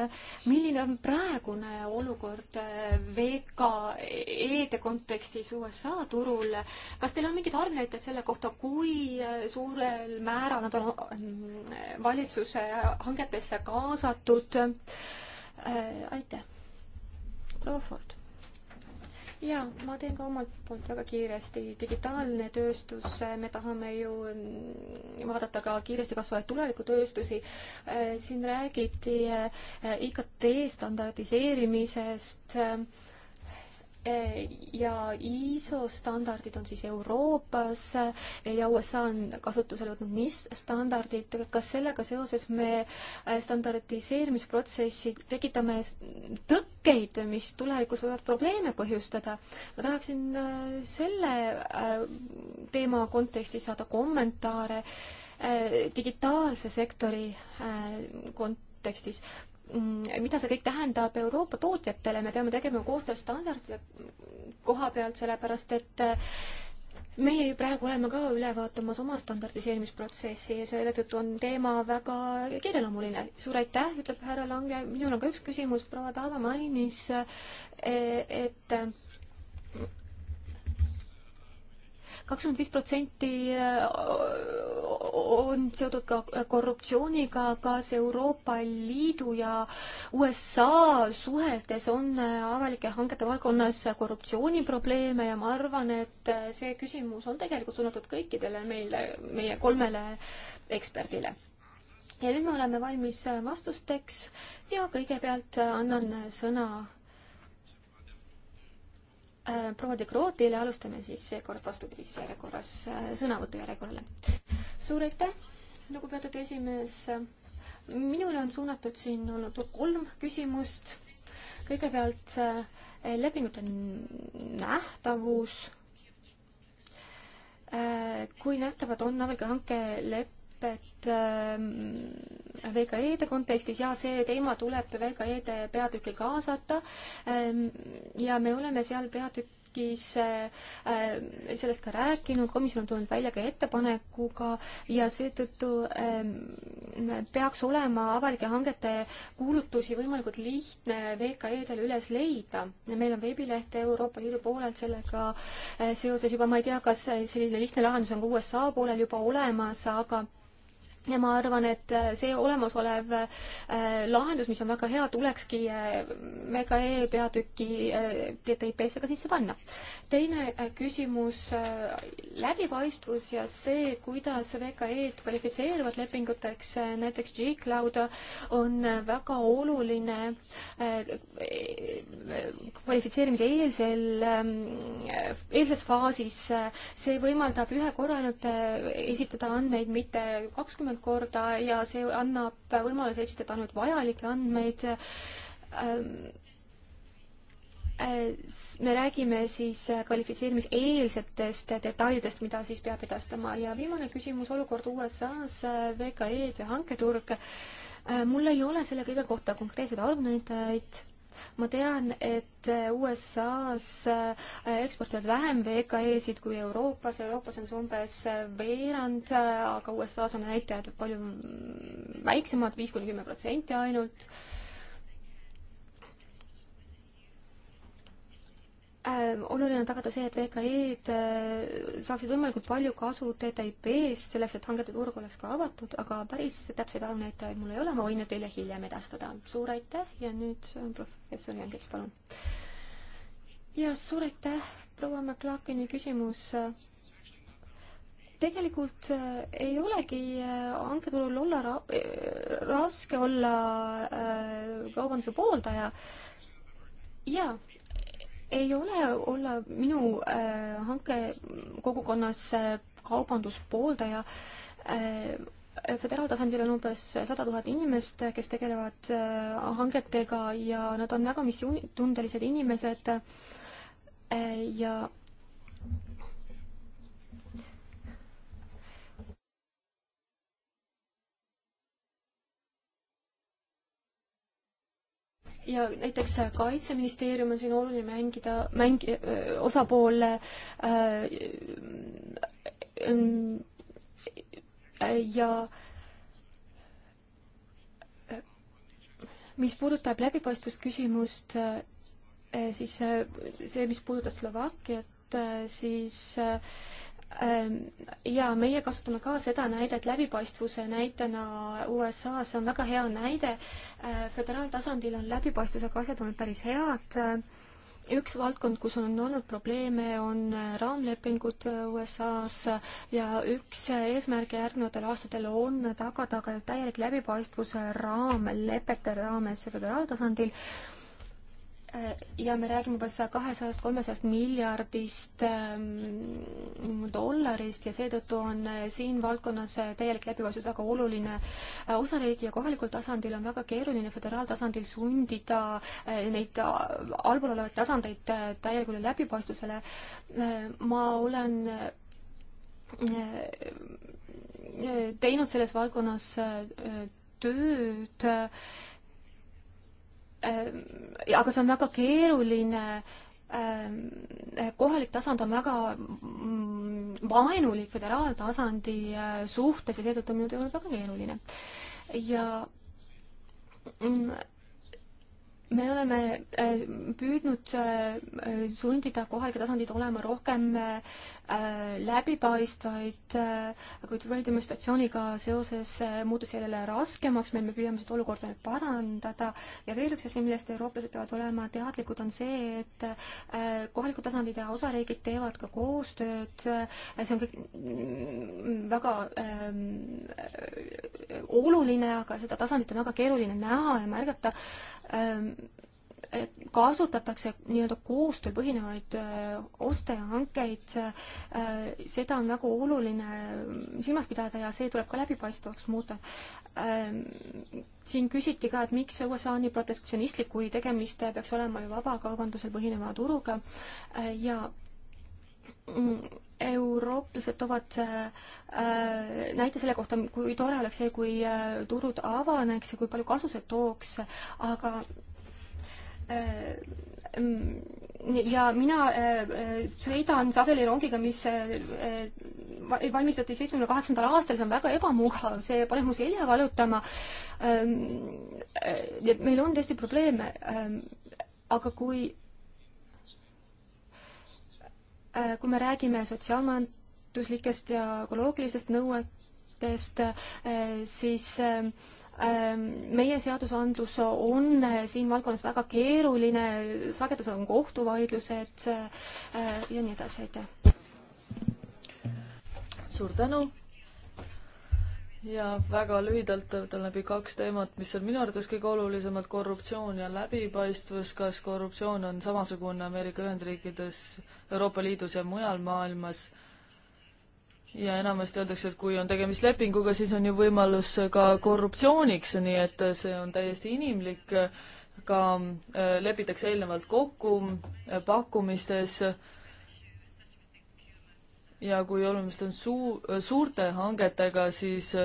milline on praegune olukord äh, VKE-de kontekstis USA turul. kas teil on mingeid arvnäitajaid selle kohta, kui äh, suurel määral nad on äh, valitsuse hangetesse kaasatud? aitäh. proua Ford ja ma teen ka omalt poolt väga kiiresti. digitaalne tööstus, me tahame ju mm, vaadata ka kiiresti kasvavaid tulevikutööstusi. Äh, siin räägiti äh, IKT standardiseerimisest äh, Eh, ja ISO standardid on siis Euroopas eh, ja USA on kasutusele võtnud NIS standardid. kas sellega seoses me eh, standardiseerimisprotsessi tekitame tõkkeid, mis tulevikus võivad probleeme põhjustada? ma tahaksin selle teema kontekstis saada kommentaare digitaalse sektori kontekstis Mm, mida see kõik tähendab Euroopa tootjatele, me peame tegema koostööd standardide koha pealt, sellepärast et äh, meie ju praegu oleme ka üle vaatamas oma standardiseerimisprotsessi ja selle tõttu on teema väga kiireloomuline. suur aitäh, ütleb härra Lange, minul on ka üks küsimus, proua Taava mainis, äh, et kakskümmend viis protsenti äh, on seotud ka korruptsiooniga, kas Euroopa Liidu ja USA suhetes on äh, avalike hangete valdkonnas korruptsiooniprobleeme ja ma arvan, et äh, see küsimus on tegelikult suunatud kõikidele meile, meie kolmele eksperdile ja nüüd me oleme valmis vastusteks ja kõigepealt annan sõna Äh, proua de Grootile, alustame siis seekord vastupidises järjekorras äh, sõnavõtu järjekorrale. suur aitäh, lugupeetud esimees. minule on suunatud siin olnud kolm küsimust. kõigepealt äh, lepingute nähtavus. kui nähtavad on avaliku hanke lep-, kokkulepet ähm, VKE-de kontekstis ja see teema tuleb VKE-de peatükil kaasata. Ähm, ja me oleme seal peatükis äh, äh, sellest ka rääkinud, komisjon on tulnud välja ka ettepanekuga ja seetõttu ähm, peaks olema avalike hangete kuulutusi võimalikult lihtne VKE-del üles leida. meil on veebileht Euroopa Liidu poolelt sellega äh, seoses juba, ma ei tea, kas selline lihtne lahendus on ka USA poolel juba olemas, aga ja ma arvan, et äh, see olemasolev äh, lahendus, mis on väga hea, tulekski äh, MEGAE peatüki TTIP-sse ka sisse panna. teine küsimus, läbipaistvus ja see, kuidas VKE-d kvalifitseeruvad lepinguteks, näiteks G-Cloud on väga oluline kvalifitseerimise eelsel, ähm, eelses faasis. see võimaldab ühe korra ainult esitada andmeid, mitte kakskümmend kolmkümmend korda ja see annab võimaluse esitada ainult vajalikke andmeid. Ähm, äh, me räägime siis kvalifitseerimiseelsetest detailidest, mida siis peab edastama ja viimane küsimus, olukord USA-s, VKE-d ja hanketurg. Äh, mul ei ole selle kõige kohta konkreetseid arvnäitajaid ma tean, et USA-s äh, eksportivad vähem VKE-sid kui Euroopas, Euroopas on see umbes äh, veerand, äh, aga USA-s on näitajad palju väiksemad, viis kuni kümme protsenti ainult Ähm, oluline on tagada see, et VKE-d äh, saaksid võimalikult palju kasu TTIP-st, selleks et hangete turg oleks ka avatud, aga päris täpseid arvnäitajaid mul ei ole, ma võin need teile hiljem edastada. suur aitäh ja nüüd äh, professor Jan Kits, palun. ja suur aitäh, proua McLachini küsimus tegelikult äh, ei olegi hanketurul äh, olla ra äh, raske olla äh, kaubanduse pooldaja. jaa ei ole olla minu äh, hankekogukonnas äh, kaubanduspooldaja äh, föderaaltasandil on umbes sada tuhat inimest, kes tegelevad äh, hangetega ja nad on väga missioonitundelised inimesed äh, ja ja näiteks äh, Kaitseministeerium on siin oluline mängida, mäng-, osapool äh, äh mm, ja äh, mis puudutab läbipaistvusküsimust, siis see, mis puudutas Slovakkiat, siis äh, Ähm, ja meie kasutame ka seda näidet läbipaistvuse näitena USA-s, see on väga hea näide. Äh, föderaaltasandil on läbipaistvusega asjad olnud päris head. Äh, üks valdkond, kus on olnud probleeme, on äh, raamlepingud USA-s ja üks eesmärge järgnevatel aastatel on tagada ka täielik läbipaistvus raamlepete raames föderaaltasandil raam, Äh, ja me räägime juba saja kahesajast, kolmesajast miljardist ähm, dollarist ja seetõttu on äh, siin valdkonnas äh, täielik läbipaistvus väga oluline. osariigi ja kohalikul tasandil on väga keeruline föderaaltasandil sundida neid allpool olevaid tasandeid täielikule läbipaistvusele. ma olen teinud selles valdkonnas tööd Ehm, aga see on väga keeruline ehm, kohalik tasand on väga mm, vaenulik föderaaltasandi äh, suhtes ja seetõttu on minu töö olnud väga keeruline. ja mm, me oleme äh, püüdnud äh, sundida kohalikke tasandeid olema rohkem Äh, läbipaistvaid, äh, kuid demonstratsiooniga seoses äh, muutus sellele raskemaks, meil me püüame seda olukorda nüüd parandada ja veel üks asi, millest eurooplased peavad olema teadlikud, on see, et kohalikud tasandid ja osariigid teevad ka koostööd, see on kõik mm, väga ähm, oluline, aga seda tasandit on väga keeruline näha ja märgata ähm, kasutatakse nii-öelda koostöö põhinevaid äh, oste ja hankeid, äh, seda on väga oluline silmas pidada ja see tuleb ka läbipaistvaks muuta. Ähm, siin küsiti ka, et miks USA on nii protektsionistlik, kui tegemist peaks olema ju vabakaubandusel põhineva turuga äh, ja mm, eurooplased toovad äh, näite selle kohta, kui tore oleks see, kui äh, turud avaneks ja kui palju kasu see tooks, aga Äh, mm, ja mina äh, sõidan sageli rongiga, mis äh, valmistati seitsmekümne kaheksandal aastal, see on väga ebamugav, see paneb mu selja valutama. nii ähm, et meil on tõesti probleeme. Ähm, aga kui, kui me räägime sotsiaalmajanduslikest ja ökoloogilisest nõuetest, siis ähm, Ehm, meie seadusandlus on eh, siin valdkonnas väga keeruline, sageduses on kohtuvaidlused eh, ja nii edasi, aitäh. suur tänu. ja väga lühidalt võtan läbi kaks teemat, mis on minu arvates kõige olulisemad, korruptsioon ja läbipaistvus. kas korruptsioon on samasugune Ameerika Ühendriikides, Euroopa Liidus ja mujal maailmas? ja enamasti öeldakse, et kui on tegemist lepinguga, siis on ju võimalus ka korruptsiooniks, nii et see on täiesti inimlik, ka äh, lepitakse eelnevalt kokku äh, pakkumistes ja kui olulist on suu-, äh, suurte hangetega, siis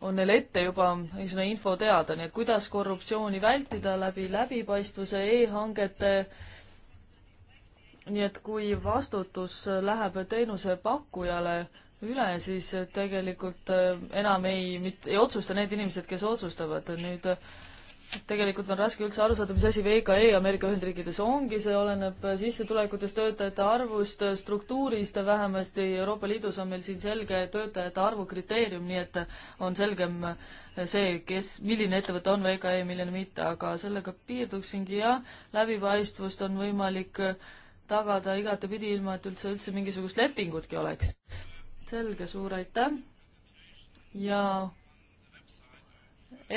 on neil ette juba niisugune info teada, nii et kuidas korruptsiooni vältida läbi läbipaistvuse e, e-hangete äh, nii et kui vastutus läheb teenusepakkujale üle, siis tegelikult äh, enam ei, mitte ei otsusta need inimesed, kes otsustavad. nüüd äh, tegelikult on raske üldse aru saada, mis asi VKE Ameerika Ühendriikides ongi, see oleneb äh, sissetulekutest, töötajate arvust, struktuurist, vähemasti Euroopa Liidus on meil siin selge töötajate arvu kriteerium, nii et on selgem see, kes, milline ettevõte on VKE, milline mitte, aga sellega piirduksingi ja läbipaistvust on võimalik äh, tagada igatepidi, ilma et üldse, üldse mingisugust lepingutki oleks. selge, suur aitäh ja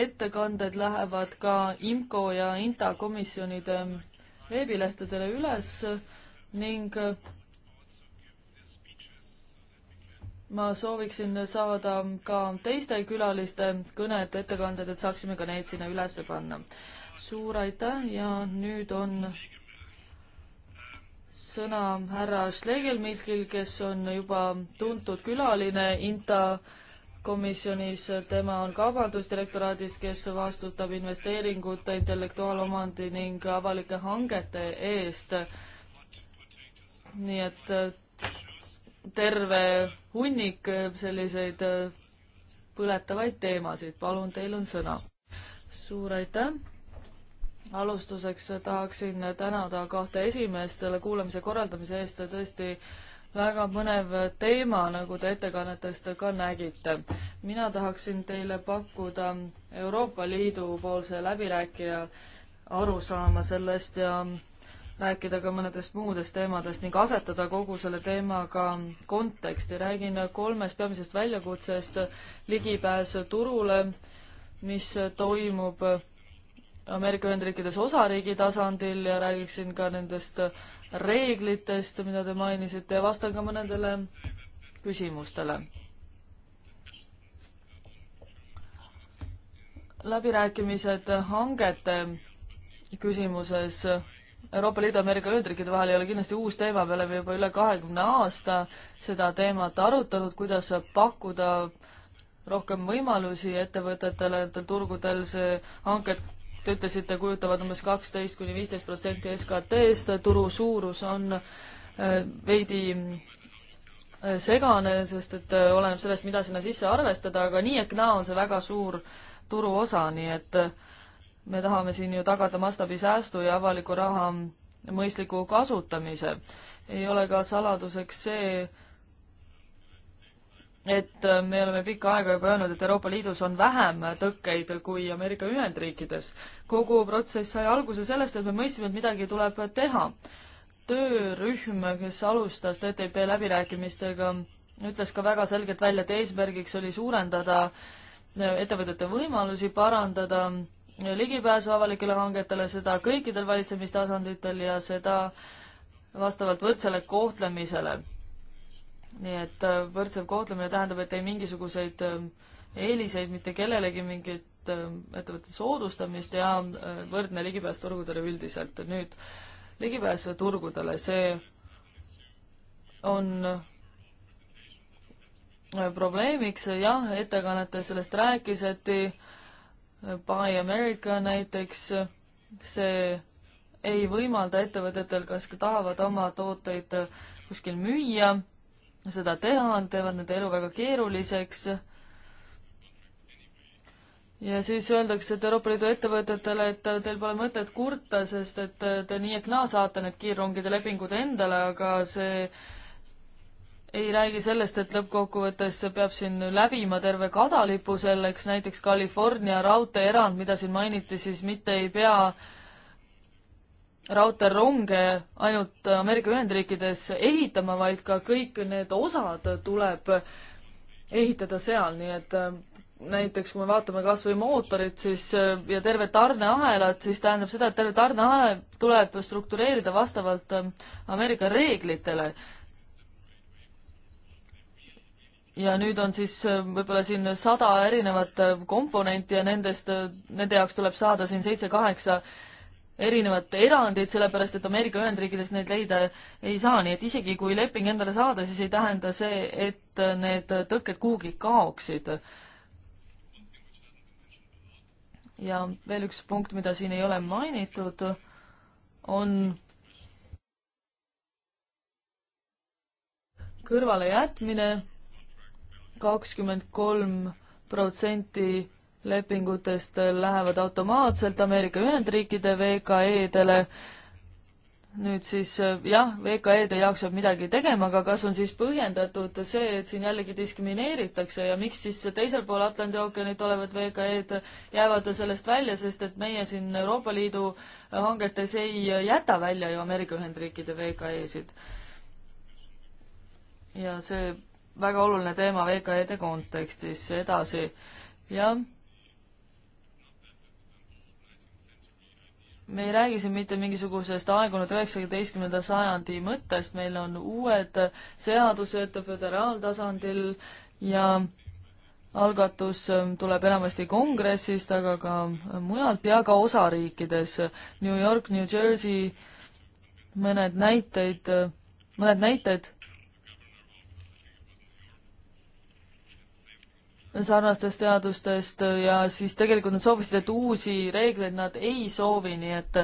ettekanded lähevad ka IMCO ja INTA komisjonide veebilehtedele üles ning ma sooviksin saada ka teiste külaliste kõned, ettekanded, et saaksime ka need sinna üles panna. suur aitäh ja nüüd on sõna härra Schlegelmilkil, kes on juba tuntud külaline INTA komisjonis, tema on kaubandusdirektoraadis, kes vastutab investeeringute, intellektuaalomandi ning avalike hangete eest. nii et äh, terve hunnik äh, selliseid äh, põletavaid teemasid, palun, teil on sõna. suur aitäh alustuseks tahaksin tänada kahte esimeest selle kuulamise korraldamise eest, tõesti väga põnev teema, nagu te ettekannetest ka nägite. mina tahaksin teile pakkuda Euroopa Liidu poolse läbirääkija arusaama sellest ja rääkida ka mõnedest muudest teemadest ning asetada kogu selle teemaga konteksti. räägin kolmest peamisest väljakutsest, ligipääs turule, mis toimub Ameerika Ühendriikides osariigi tasandil ja räägiksin ka nendest reeglitest, mida te mainisite ja vastan ka mõnedele küsimustele. läbirääkimised hangete küsimuses Euroopa Liidu ja Ameerika Ühendriikide vahel ei ole kindlasti uus teema, me oleme juba üle kahekümne aasta seda teemat arutanud, kuidas pakkuda rohkem võimalusi ettevõtetele, et turgudel see hanked te ütlesite, kujutavad umbes kaksteist kuni viisteist protsenti SKT-st, turu suurus on äh, veidi äh, segane, sest et äh, oleneb sellest, mida sinna sisse arvestada, aga nii ehk naa on see väga suur turuosa, nii et me tahame siin ju tagada mastaabisäästu ja avaliku raha mõistliku kasutamise. ei ole ka saladuseks see, et äh, me oleme pikka aega juba öelnud, et Euroopa Liidus on vähem tõkkeid kui Ameerika Ühendriikides. kogu protsess sai alguse sellest, et me mõistsime, et midagi tuleb teha. töörühm, kes alustas TTIP läbirääkimistega, ütles ka väga selgelt välja, et eesmärgiks oli suurendada äh, ettevõtete võimalusi, parandada äh, ligipääsu avalikele hangetele, seda kõikidel valitsemistasanditel ja seda vastavalt võrdsele kohtlemisele nii et äh, võrdsev kohtlemine tähendab, et ei mingisuguseid äh, eeliseid mitte kellelegi, mingit äh, ettevõtte soodustamist ja võrdne ligipääs turgudele üldiselt. nüüd ligipääs turgudele, see on probleemiks, jah, ettekannete sellest rääkis, et Buy America näiteks, see ei võimalda ettevõtetel, kes tahavad oma tooteid kuskil müüa seda teha, teevad nende elu väga keeruliseks. ja siis öeldakse, et Euroopa Liidu ettevõtetele, et teil pole mõtet kurta, sest et te nii ehk naa saate need kiirrongide lepingud endale, aga see ei räägi sellest, et lõppkokkuvõttes peab siin läbima terve kadalipu selleks, näiteks California raudteeerand, mida siin mainiti, siis mitte ei pea äh, raudteeronge ainult Ameerika Ühendriikides ehitama, vaid ka kõik need osad tuleb ehitada seal, nii et äh, näiteks kui me vaatame kas või mootorit, siis äh, ja terve tarneahelat, siis tähendab seda, et terve tarneahel tuleb struktureerida vastavalt äh, Ameerika reeglitele. ja nüüd on siis võib-olla siin sada erinevat komponenti ja nendest, nende jaoks tuleb saada siin seitse-kaheksa erinevat erandit, sellepärast et Ameerika Ühendriikides neid leida ei saa, nii et isegi kui leping endale saada, siis ei tähenda see, et need tõkked kuhugi kaoksid. ja veel üks punkt, mida siin ei ole mainitud, on kõrvalejätmine kakskümmend kolm protsenti lepingutest lähevad automaatselt Ameerika Ühendriikide VKE-dele. nüüd siis jah, VKE-de jaoks peab midagi tegema, aga kas on siis põhjendatud see, et siin jällegi diskrimineeritakse ja miks siis teisel pool Atlandi ookeanit olevad VKE-d jäävad sellest välja, sest et meie siin Euroopa Liidu hangetes ei jäta välja ju Ameerika Ühendriikide VKE-sid. ja see väga oluline teema VKE-de kontekstis, edasi jah me ei räägi siin mitte mingisugusest aegunud üheksateistkümnenda sajandi mõttest, meil on uued seadused föderaaltasandil ja algatus tuleb enamasti kongressist, aga ka mujalt ja ka osariikides. New York, New Jersey, mõned näiteid, mõned näited sarnastest teadustest ja siis tegelikult nad soovisid, et uusi reegleid nad ei soovi, nii et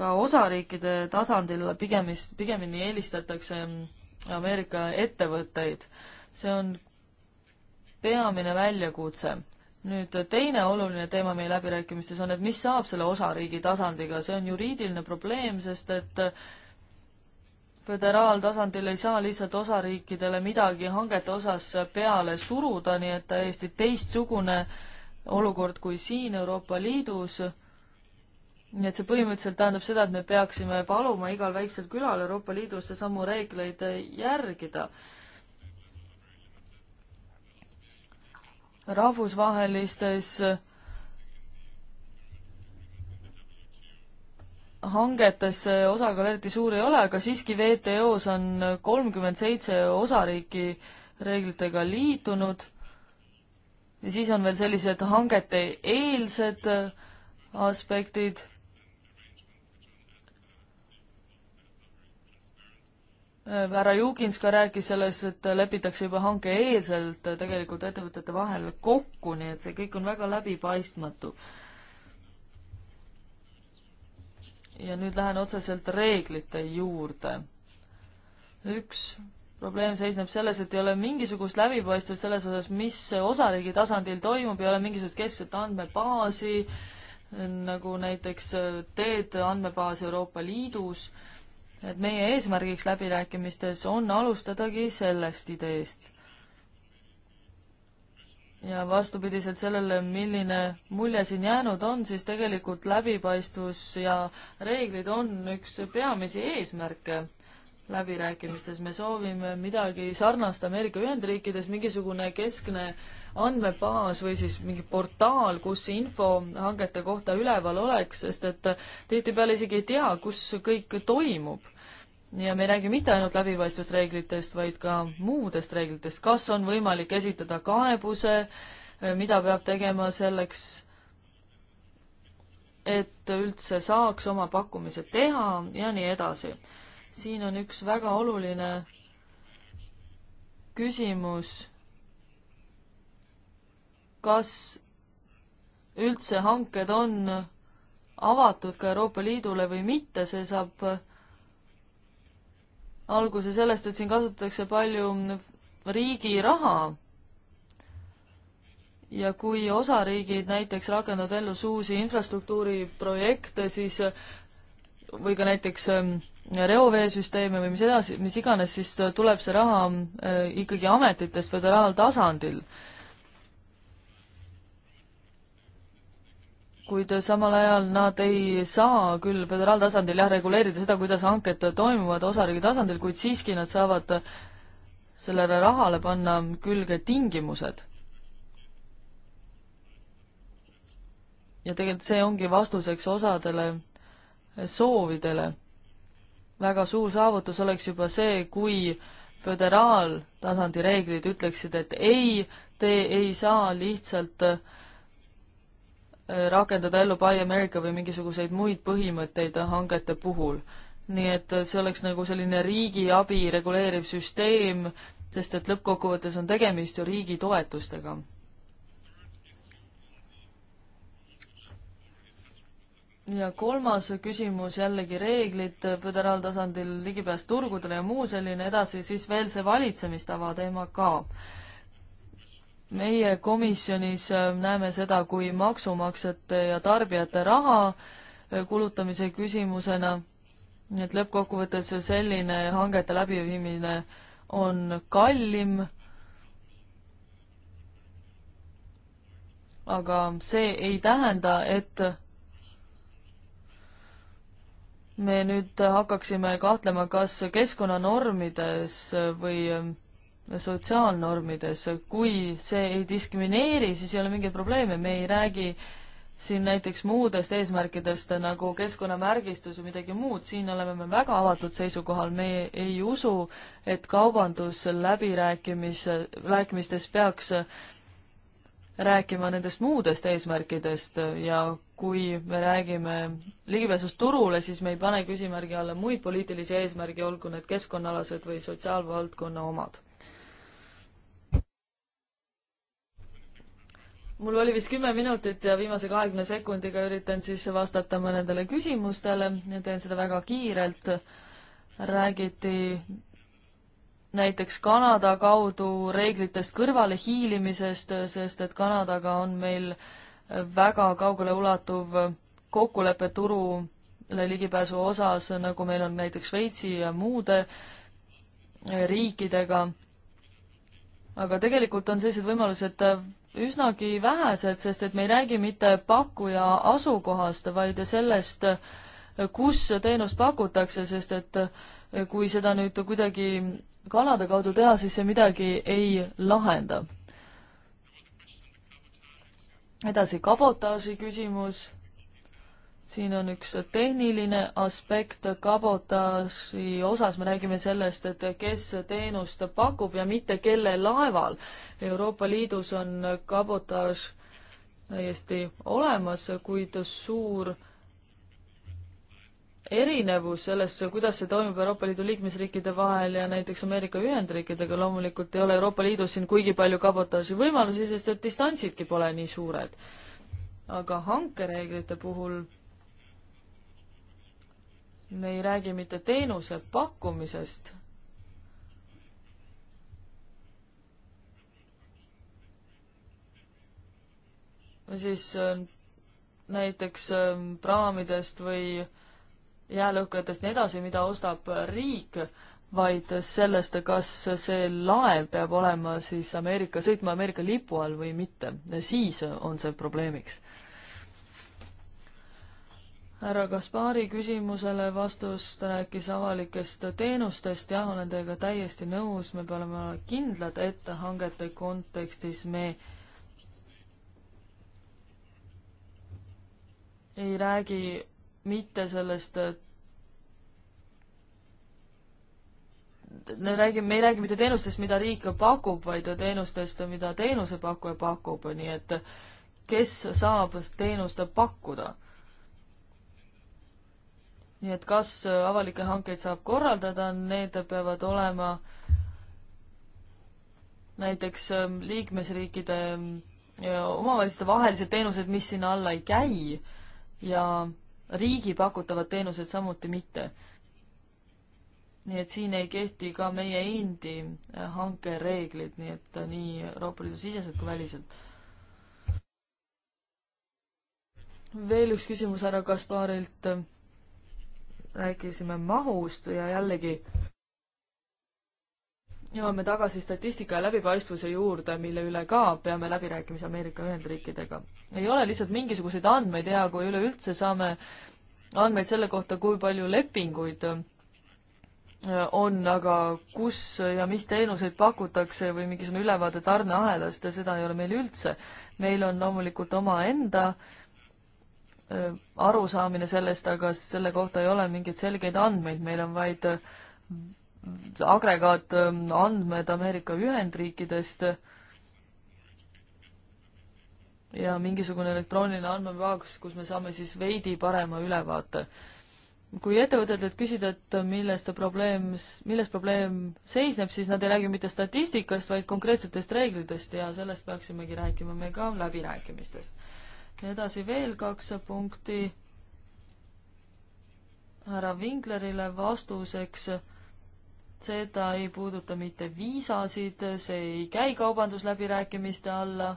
ka osariikide tasandil pigem, pigemini eelistatakse Ameerika ettevõtteid. see on peamine väljakutse. nüüd teine oluline teema meie läbirääkimistes on, et mis saab selle osariigi tasandiga, see on juriidiline probleem, sest et äh, föderaaltasandil ei saa lihtsalt osariikidele midagi hangete osas peale suruda, nii et täiesti teistsugune olukord kui siin Euroopa Liidus. nii et see põhimõtteliselt tähendab seda, et me peaksime paluma igal väiksel külal Euroopa Liidus samu reegleid järgida. rahvusvahelistes hangetesse osakaal eriti suur ei ole, aga siiski WTO-s on kolmkümmend seitse osariiki reeglitega liitunud. ja siis on veel sellised hangete eelsed aspektid härra Jugins ka rääkis sellest, et lepitakse juba hanke eeselt tegelikult ettevõtete vahel kokku, nii et see kõik on väga läbipaistmatu. ja nüüd lähen otseselt reeglite juurde. üks probleem seisneb selles, et ei ole mingisugust läbipaistvust selles osas, mis osariigi tasandil toimub, ei ole mingisugust keskset andmebaasi, nagu näiteks teed andmebaas Euroopa Liidus, et meie eesmärgiks läbirääkimistes on alustadagi sellest ideest ja vastupidiselt sellele, milline mulje siin jäänud on, siis tegelikult läbipaistvus ja reeglid on üks peamisi eesmärke läbirääkimistes. me soovime midagi sarnast Ameerika Ühendriikides, mingisugune keskne andmebaas või siis mingi portaal, kus info hangete kohta üleval oleks, sest et tihtipeale isegi ei tea, kus kõik toimub ja me ei räägi mitte ainult läbipaistvusreeglitest, vaid ka muudest reeglitest, kas on võimalik esitada kaebuse, eh, mida peab tegema selleks, et üldse saaks oma pakkumise teha ja nii edasi. siin on üks väga oluline küsimus, kas üldse hanked on avatud ka Euroopa Liidule või mitte, see saab alguse sellest, et siin kasutatakse palju riigi raha. ja kui osariigid näiteks rakendavad ellu uusi infrastruktuuriprojekte, siis või ka näiteks ähm, reoveesüsteeme või mis edasi, mis iganes, siis äh, tuleb see raha äh, ikkagi ametitest föderaaltasandil kuid samal ajal nad ei saa küll föderaaltasandil jah, reguleerida seda, kuidas hanked toimuvad osariigi tasandil, kuid siiski nad saavad sellele rahale panna külge tingimused. ja tegelikult see ongi vastuseks osadele soovidele. väga suur saavutus oleks juba see, kui föderaaltasandi reeglid ütleksid, et ei, te ei saa lihtsalt äh, rakendada ellu Buy America või mingisuguseid muid põhimõtteid hangete puhul. nii et see oleks nagu selline riigiabi reguleeriv süsteem, sest et lõppkokkuvõttes on tegemist ju riigi toetustega. ja kolmas küsimus jällegi reeglid föderaaltasandil, ligipääs turgudele ja muu selline edasi, siis veel see valitsemistava teema ka meie komisjonis äh, näeme seda kui maksumaksjate ja tarbijate raha äh, kulutamise küsimusena, nii et lõppkokkuvõttes selline hangete läbiviimine on kallim, aga see ei tähenda, et me nüüd hakkaksime kahtlema, kas keskkonnanormides või sotsiaalnormides, kui see ei diskrimineeri, siis ei ole mingeid probleeme, me ei räägi siin näiteks muudest eesmärkidest nagu keskkonnamärgistus või midagi muud, siin oleme me väga avatud seisukohal, me ei usu, et kaubandusläbirääkimis, rääkimistes peaks rääkima nendest muudest eesmärkidest ja kui me räägime ligipääsust turule, siis me ei pane küsimärgi alla muid poliitilisi eesmärge, olgu need keskkonnaalased või sotsiaalvaldkonna omad mul oli vist kümme minutit ja viimase kahekümne sekundiga üritan siis vastata mõnedele küsimustele ja teen seda väga kiirelt. räägiti näiteks Kanada kaudu reeglitest kõrvale hiilimisest, sest et Kanadaga on meil väga kaugele ulatuv kokkulepe turule ligipääsu osas, nagu meil on näiteks Šveitsi ja muude riikidega. aga tegelikult on sellised võimalused üsnagi vähesed, sest et me ei räägi mitte pakkuja asukohast, vaid sellest, kus teenust pakutakse, sest et kui seda nüüd kuidagi Kanada kaudu teha, siis see midagi ei lahenda. edasi kabotaaži küsimus siin on üks tehniline aspekt kabotaaži osas, me räägime sellest, et kes teenust pakub ja mitte kelle laeval. Euroopa Liidus on kabotaaž täiesti olemas, kuid suur erinevus selles, kuidas see toimub Euroopa Liidu liikmesriikide vahel ja näiteks Ameerika Ühendriikidega, loomulikult ei ole Euroopa Liidus siin kuigi palju kabotaaži võimalusi, sest et distantsidki pole nii suured. aga hankereeglite puhul me ei räägi mitte teenuse pakkumisest, siis äh, näiteks ähm, praamidest või jäälõhkujatest nii edasi, mida ostab riik, vaid sellest, kas see laev peab olema siis Ameerika, sõitma Ameerika lipu all või mitte. siis on see probleemiks härra Kaspari küsimusele vastus, ta rääkis avalikest teenustest, jah, olen teiega täiesti nõus, me peame olema kindlad, et hangete kontekstis me ei räägi mitte sellest me räägime, me ei räägi mitte teenustest, mida riik pakub, vaid teenustest, mida teenusepakkuja pakub, nii et kes saab teenust pakkuda nii et kas äh, avalikke hankeid saab korraldada, need peavad olema näiteks ähm, liikmesriikide ähm, ja omavalitsuste vahelised teenused, mis sinna alla ei käi ja riigi pakutavad teenused samuti mitte. nii et siin ei kehti ka meie endi äh, hankereeglid, nii et äh, nii Euroopa Liidu siseselt kui väliselt. veel üks küsimus härra Kasparilt rääkisime mahust ja jällegi jõuame tagasi statistika ja läbipaistvuse juurde, mille üle ka peame läbirääkimisi Ameerika Ühendriikidega. ei ole lihtsalt mingisuguseid andmeid hea, kui üleüldse saame andmeid selle kohta, kui palju lepinguid äh, on, aga kus ja mis teenuseid pakutakse või mingisugune ülevaade tarneahelast ja seda ei ole meil üldse. meil on loomulikult omaenda äh, Äh, arusaamine sellest, aga selle kohta ei ole mingeid selgeid andmeid, meil on vaid äh, agregaatandmed äh, Ameerika Ühendriikidest ja mingisugune elektrooniline andmebaas, kus me saame siis veidi parema ülevaate. kui ettevõtetelt küsida, et milles ta probleem, milles probleem seisneb, siis nad ei räägi mitte statistikast, vaid konkreetsetest reeglitest ja sellest peaksimegi rääkima me ka läbirääkimistest edasi veel kaks punkti härra Vinklerile vastuseks. seda ei puuduta mitte viisasid, see ei käi kaubandusläbirääkimiste alla.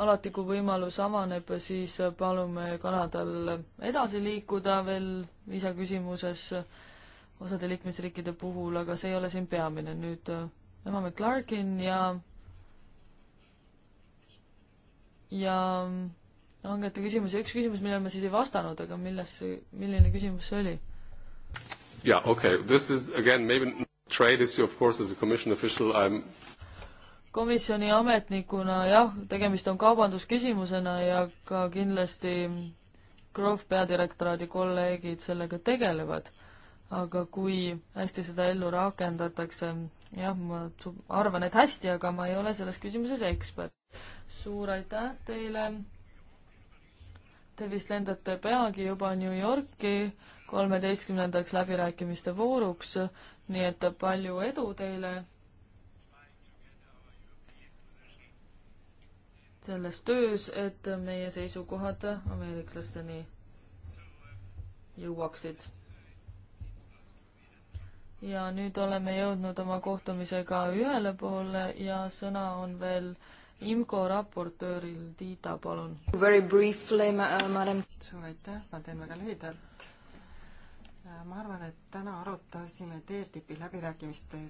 alati, kui võimalus avaneb, siis palume Kanadal edasi liikuda veel viisaküsimuses osade liikmesriikide puhul, aga see ei ole siin peamine. nüüd äh, Emma McClarkin ja ja hangete küsimus ja üks küsimus, millele ma siis ei vastanud, aga milles, milline küsimus see oli? jaa, okei okay., this is again maybe trade issue of course as a commission official I am komisjoni ametnikuna jah, tegemist on kaubandusküsimusena ja ka kindlasti Grove peadirektoraadi kolleegid sellega tegelevad. aga kui hästi seda ellu rakendatakse, jah, ma arvan, et hästi, aga ma ei ole selles küsimuses ekspert. suur aitäh teile. Te vist lendate peagi juba New Yorki kolmeteistkümnendaks läbirääkimiste vooruks, nii et palju edu teile selles töös, et meie seisukohad ameeriklasteni jõuaksid ja nüüd oleme jõudnud oma kohtumisega ühele poole ja sõna on veel IMCO raportööril, Tiita, palun. Very briefly ma, äh, madam. suur aitäh, ma teen väga lühidalt. Äh, ma arvan, et täna arutasime TTIP-i läbirääkimiste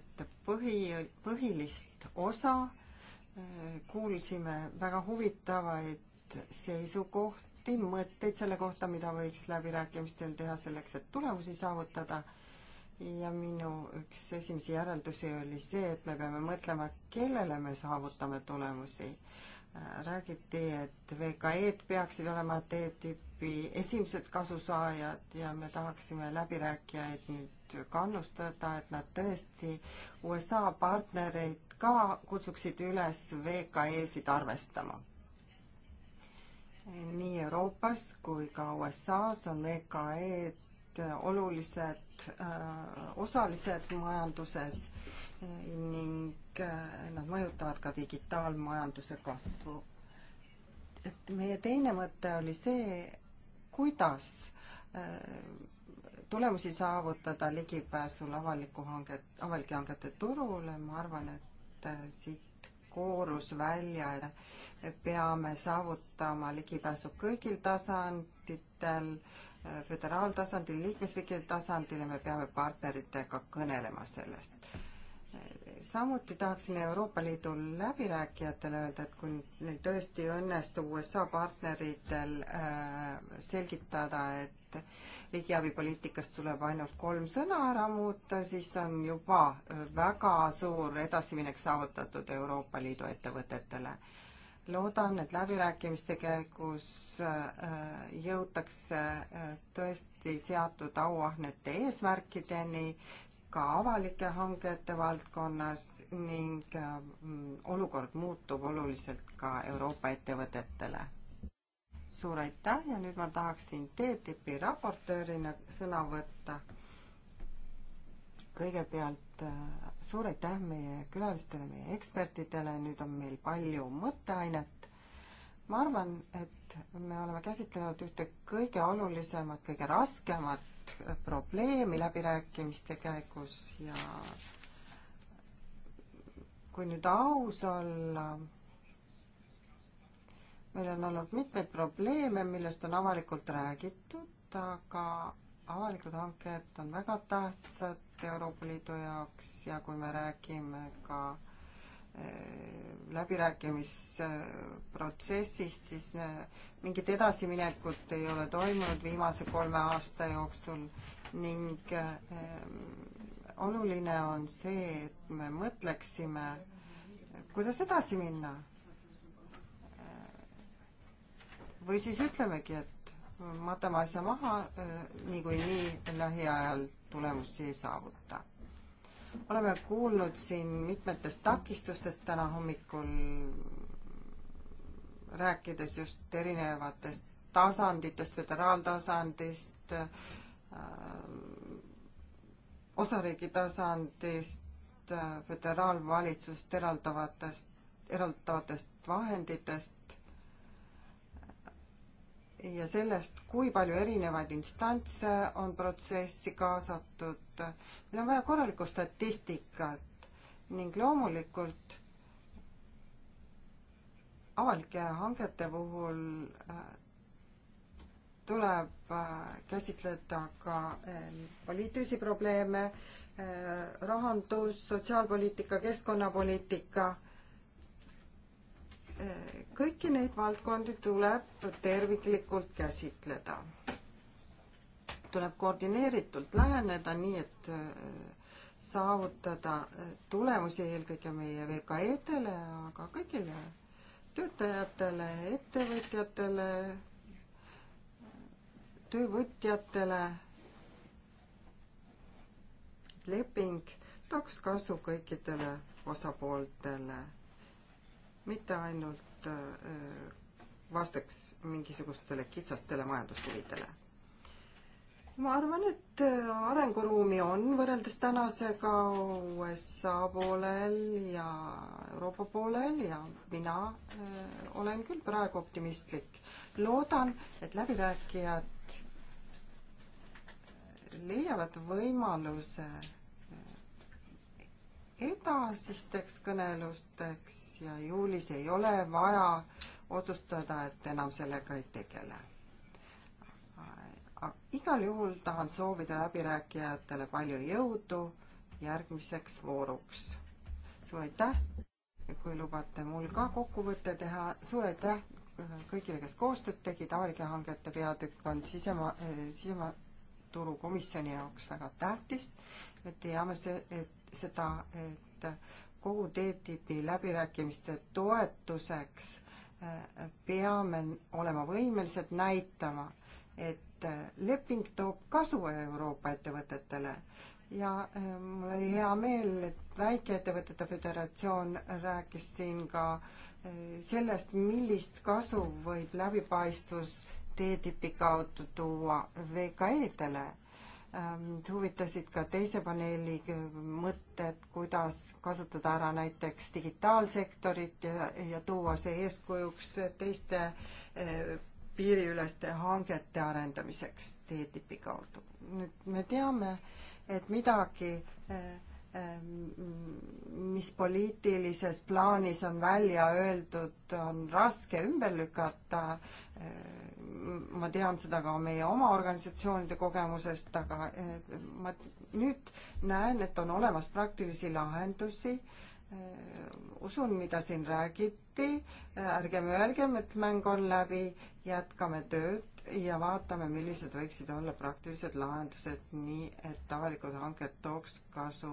põhi, põhilist osa. Äh, kuulsime väga huvitavaid seisukohti, mõtteid selle kohta, mida võiks läbirääkimistel teha selleks, et tulemusi saavutada ja minu üks esimesi järeldusi oli see, et me peame mõtlema, kellele me saavutame tulemusi. Äh, räägiti, et VKE-d peaksid olema TTIP-i esimesed kasusaajad ja me tahaksime läbirääkijaid nüüd kannustada, et nad tõesti USA partnereid ka kutsuksid üles VKE-sid arvestama nii Euroopas kui ka USA-s on VKE-d Äh, olulised äh, osalised majanduses ning äh, nad mõjutavad ka digitaalmajanduse kasvu. et meie teine mõte oli see, kuidas tulemusi saavutada ligipääsul avaliku hanget, avalike hangete turule, ma arvan, et siit koorus välja, et me peame saavutama ligipääsu kõigil tasanditel äh,, föderaaltasandil, liikmesriikide tasandil ja me peame partneritega kõnelema sellest. samuti tahaksin Euroopa Liidu läbirääkijatele öelda, et kui neil tõesti õnnestub USA partneritel äh, selgitada, et riigiabipoliitikast tuleb ainult kolm sõna ära muuta, siis on juba väga suur edasiminek saavutatud Euroopa Liidu ettevõtetele loodan, et läbirääkimiste käigus äh, jõutakse äh, tõesti seatud auahnete eesmärkideni ka avalike hangete valdkonnas ning äh, olukord muutub oluliselt ka Euroopa ettevõtetele. suur aitäh ja nüüd ma tahaksin TTIP raportöörina sõna võtta kõigepealt äh, suur aitäh meie külalistele, meie ekspertidele, nüüd on meil palju mõtteainet. ma arvan, et me oleme käsitlenud ühte kõige olulisemat, kõige raskemat probleemi läbirääkimiste käigus ja kui nüüd aus olla, meil on olnud mitmeid probleeme, millest on avalikult räägitud, aga avalikud hanked on väga tähtsad Euroopa Liidu jaoks ja kui me räägime ka eh, läbirääkimisprotsessist, siis mingit edasiminekut ei ole toimunud viimase kolme aasta jooksul ning eh, oluline on see, et me mõtleksime, kuidas edasi minna. Eh, või siis ütlemegi, et matame asja maha, äh, niikuinii lähiajal tulemust ei saavuta. oleme kuulnud siin mitmetest takistustest täna hommikul, rääkides just erinevatest tasanditest, föderaaltasandist, äh, osariigi tasandist, äh, föderaalvalitsusest eraldavatest, eraldavatest vahenditest ja sellest, kui palju erinevaid instantse on protsessi kaasatud. meil on vaja korralikku statistikat ning loomulikult avalike hangete puhul äh, tuleb äh, käsitleda ka äh, poliitilisi probleeme, rahandus, sotsiaalpoliitika, keskkonnapoliitika kõiki neid valdkondi tuleb terviklikult käsitleda. tuleb koordineeritult läheneda, nii et äh, saavutada äh, tulemusi eelkõige meie VKE-dele, aga kõigile töötajatele, ettevõtjatele, töövõtjatele. leping tooks kasu kõikidele osapooltele mitte ainult äh, vastaks mingisugustele kitsastele majandushuvidele. ma arvan, et äh, arenguruumi on võrreldes tänasega USA poolel ja Euroopa poolel ja mina äh, olen küll praegu optimistlik. loodan, et läbirääkijad leiavad võimaluse edasisteks kõnelusteks ja juulis ei ole vaja otsustada, et enam sellega ei tegele. igal juhul tahan soovida läbirääkijatele palju jõudu järgmiseks vooruks. suur aitäh, kui lubate mul ka kokkuvõtte teha, suur aitäh kõigile, kes koostööd tegid, avalike hangete peatükk on sisemaa, eh, sisemaa turukomisjoni jaoks väga tähtis. me teame see, et seda, et kogu TTIP-i läbirääkimiste toetuseks äh, peame olema võimelised näitama, et äh, leping toob kasu Euroopa ettevõtetele ja äh, mul oli hea meel, et Väikeettevõtete Föderatsioon rääkis siin ka sellest, millist kasu võib läbipaistvus TTIP-i kaudu tuua VKE-dele Ähm, huvitasid ka teise paneeli äh, mõtted, kuidas kasutada ära näiteks digitaalsektorit ja, ja tuua see eeskujuks teiste äh, piiriüleste hangete arendamiseks TTIP-i kaudu. nüüd me teame, et midagi äh, Ehm, mis poliitilises plaanis on välja öeldud, on raske ümber lükata. Ehm, ma tean seda ka meie oma organisatsioonide kogemusest, aga ehm, ma nüüd näen, et on olemas praktilisi lahendusi usun, mida siin räägiti, ärgem öelgem, et mäng on läbi, jätkame tööd ja vaatame, millised võiksid olla praktilised lahendused, nii et avalikud hanked tooks kasu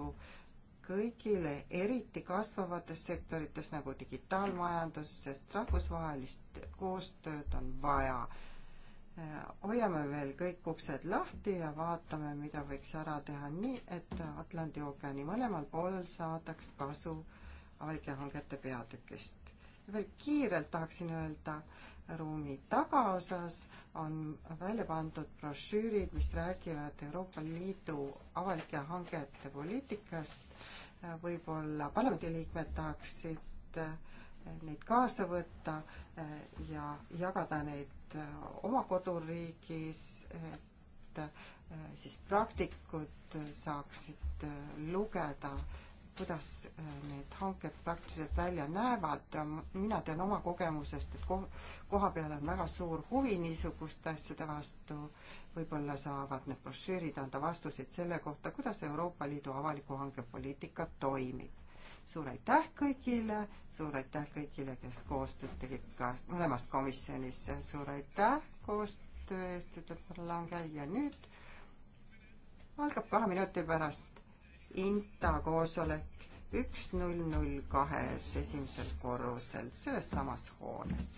kõigile, eriti kasvavates sektorites nagu digitaalmajandus, sest rahvusvahelist koostööd on vaja hoiame veel kõik uksed lahti ja vaatame, mida võiks ära teha nii, et Atlandi ookeani mõlemal poolel saadaks kasu avalike hangete peatükist. veel kiirelt tahaksin öelda, ruumi tagaosas on välja pandud brošüürid, mis räägivad Euroopa Liidu avalike hangete poliitikast. võib-olla parlamendiliikmed tahaksid neid kaasa võtta ja jagada neid Äh, oma koduriigis, et äh, siis praktikud saaksid äh, lugeda, kuidas need hanked praktiliselt välja näevad. mina tean oma kogemusest, et koh-, koha peal on väga suur huvi niisuguste asjade vastu. võib-olla saavad need brošüürid anda vastuseid selle kohta, kuidas Euroopa Liidu avaliku hanke poliitika toimib suur aitäh kõigile, suur aitäh kõigile, kes koostööd tegid ka mõlemast komisjonist, suur aitäh koostöö eest, ütleb härra Lange ja nüüd algab kahe minuti pärast INTA koosolek üks null null kahes esimesel korrusel selles samas hoones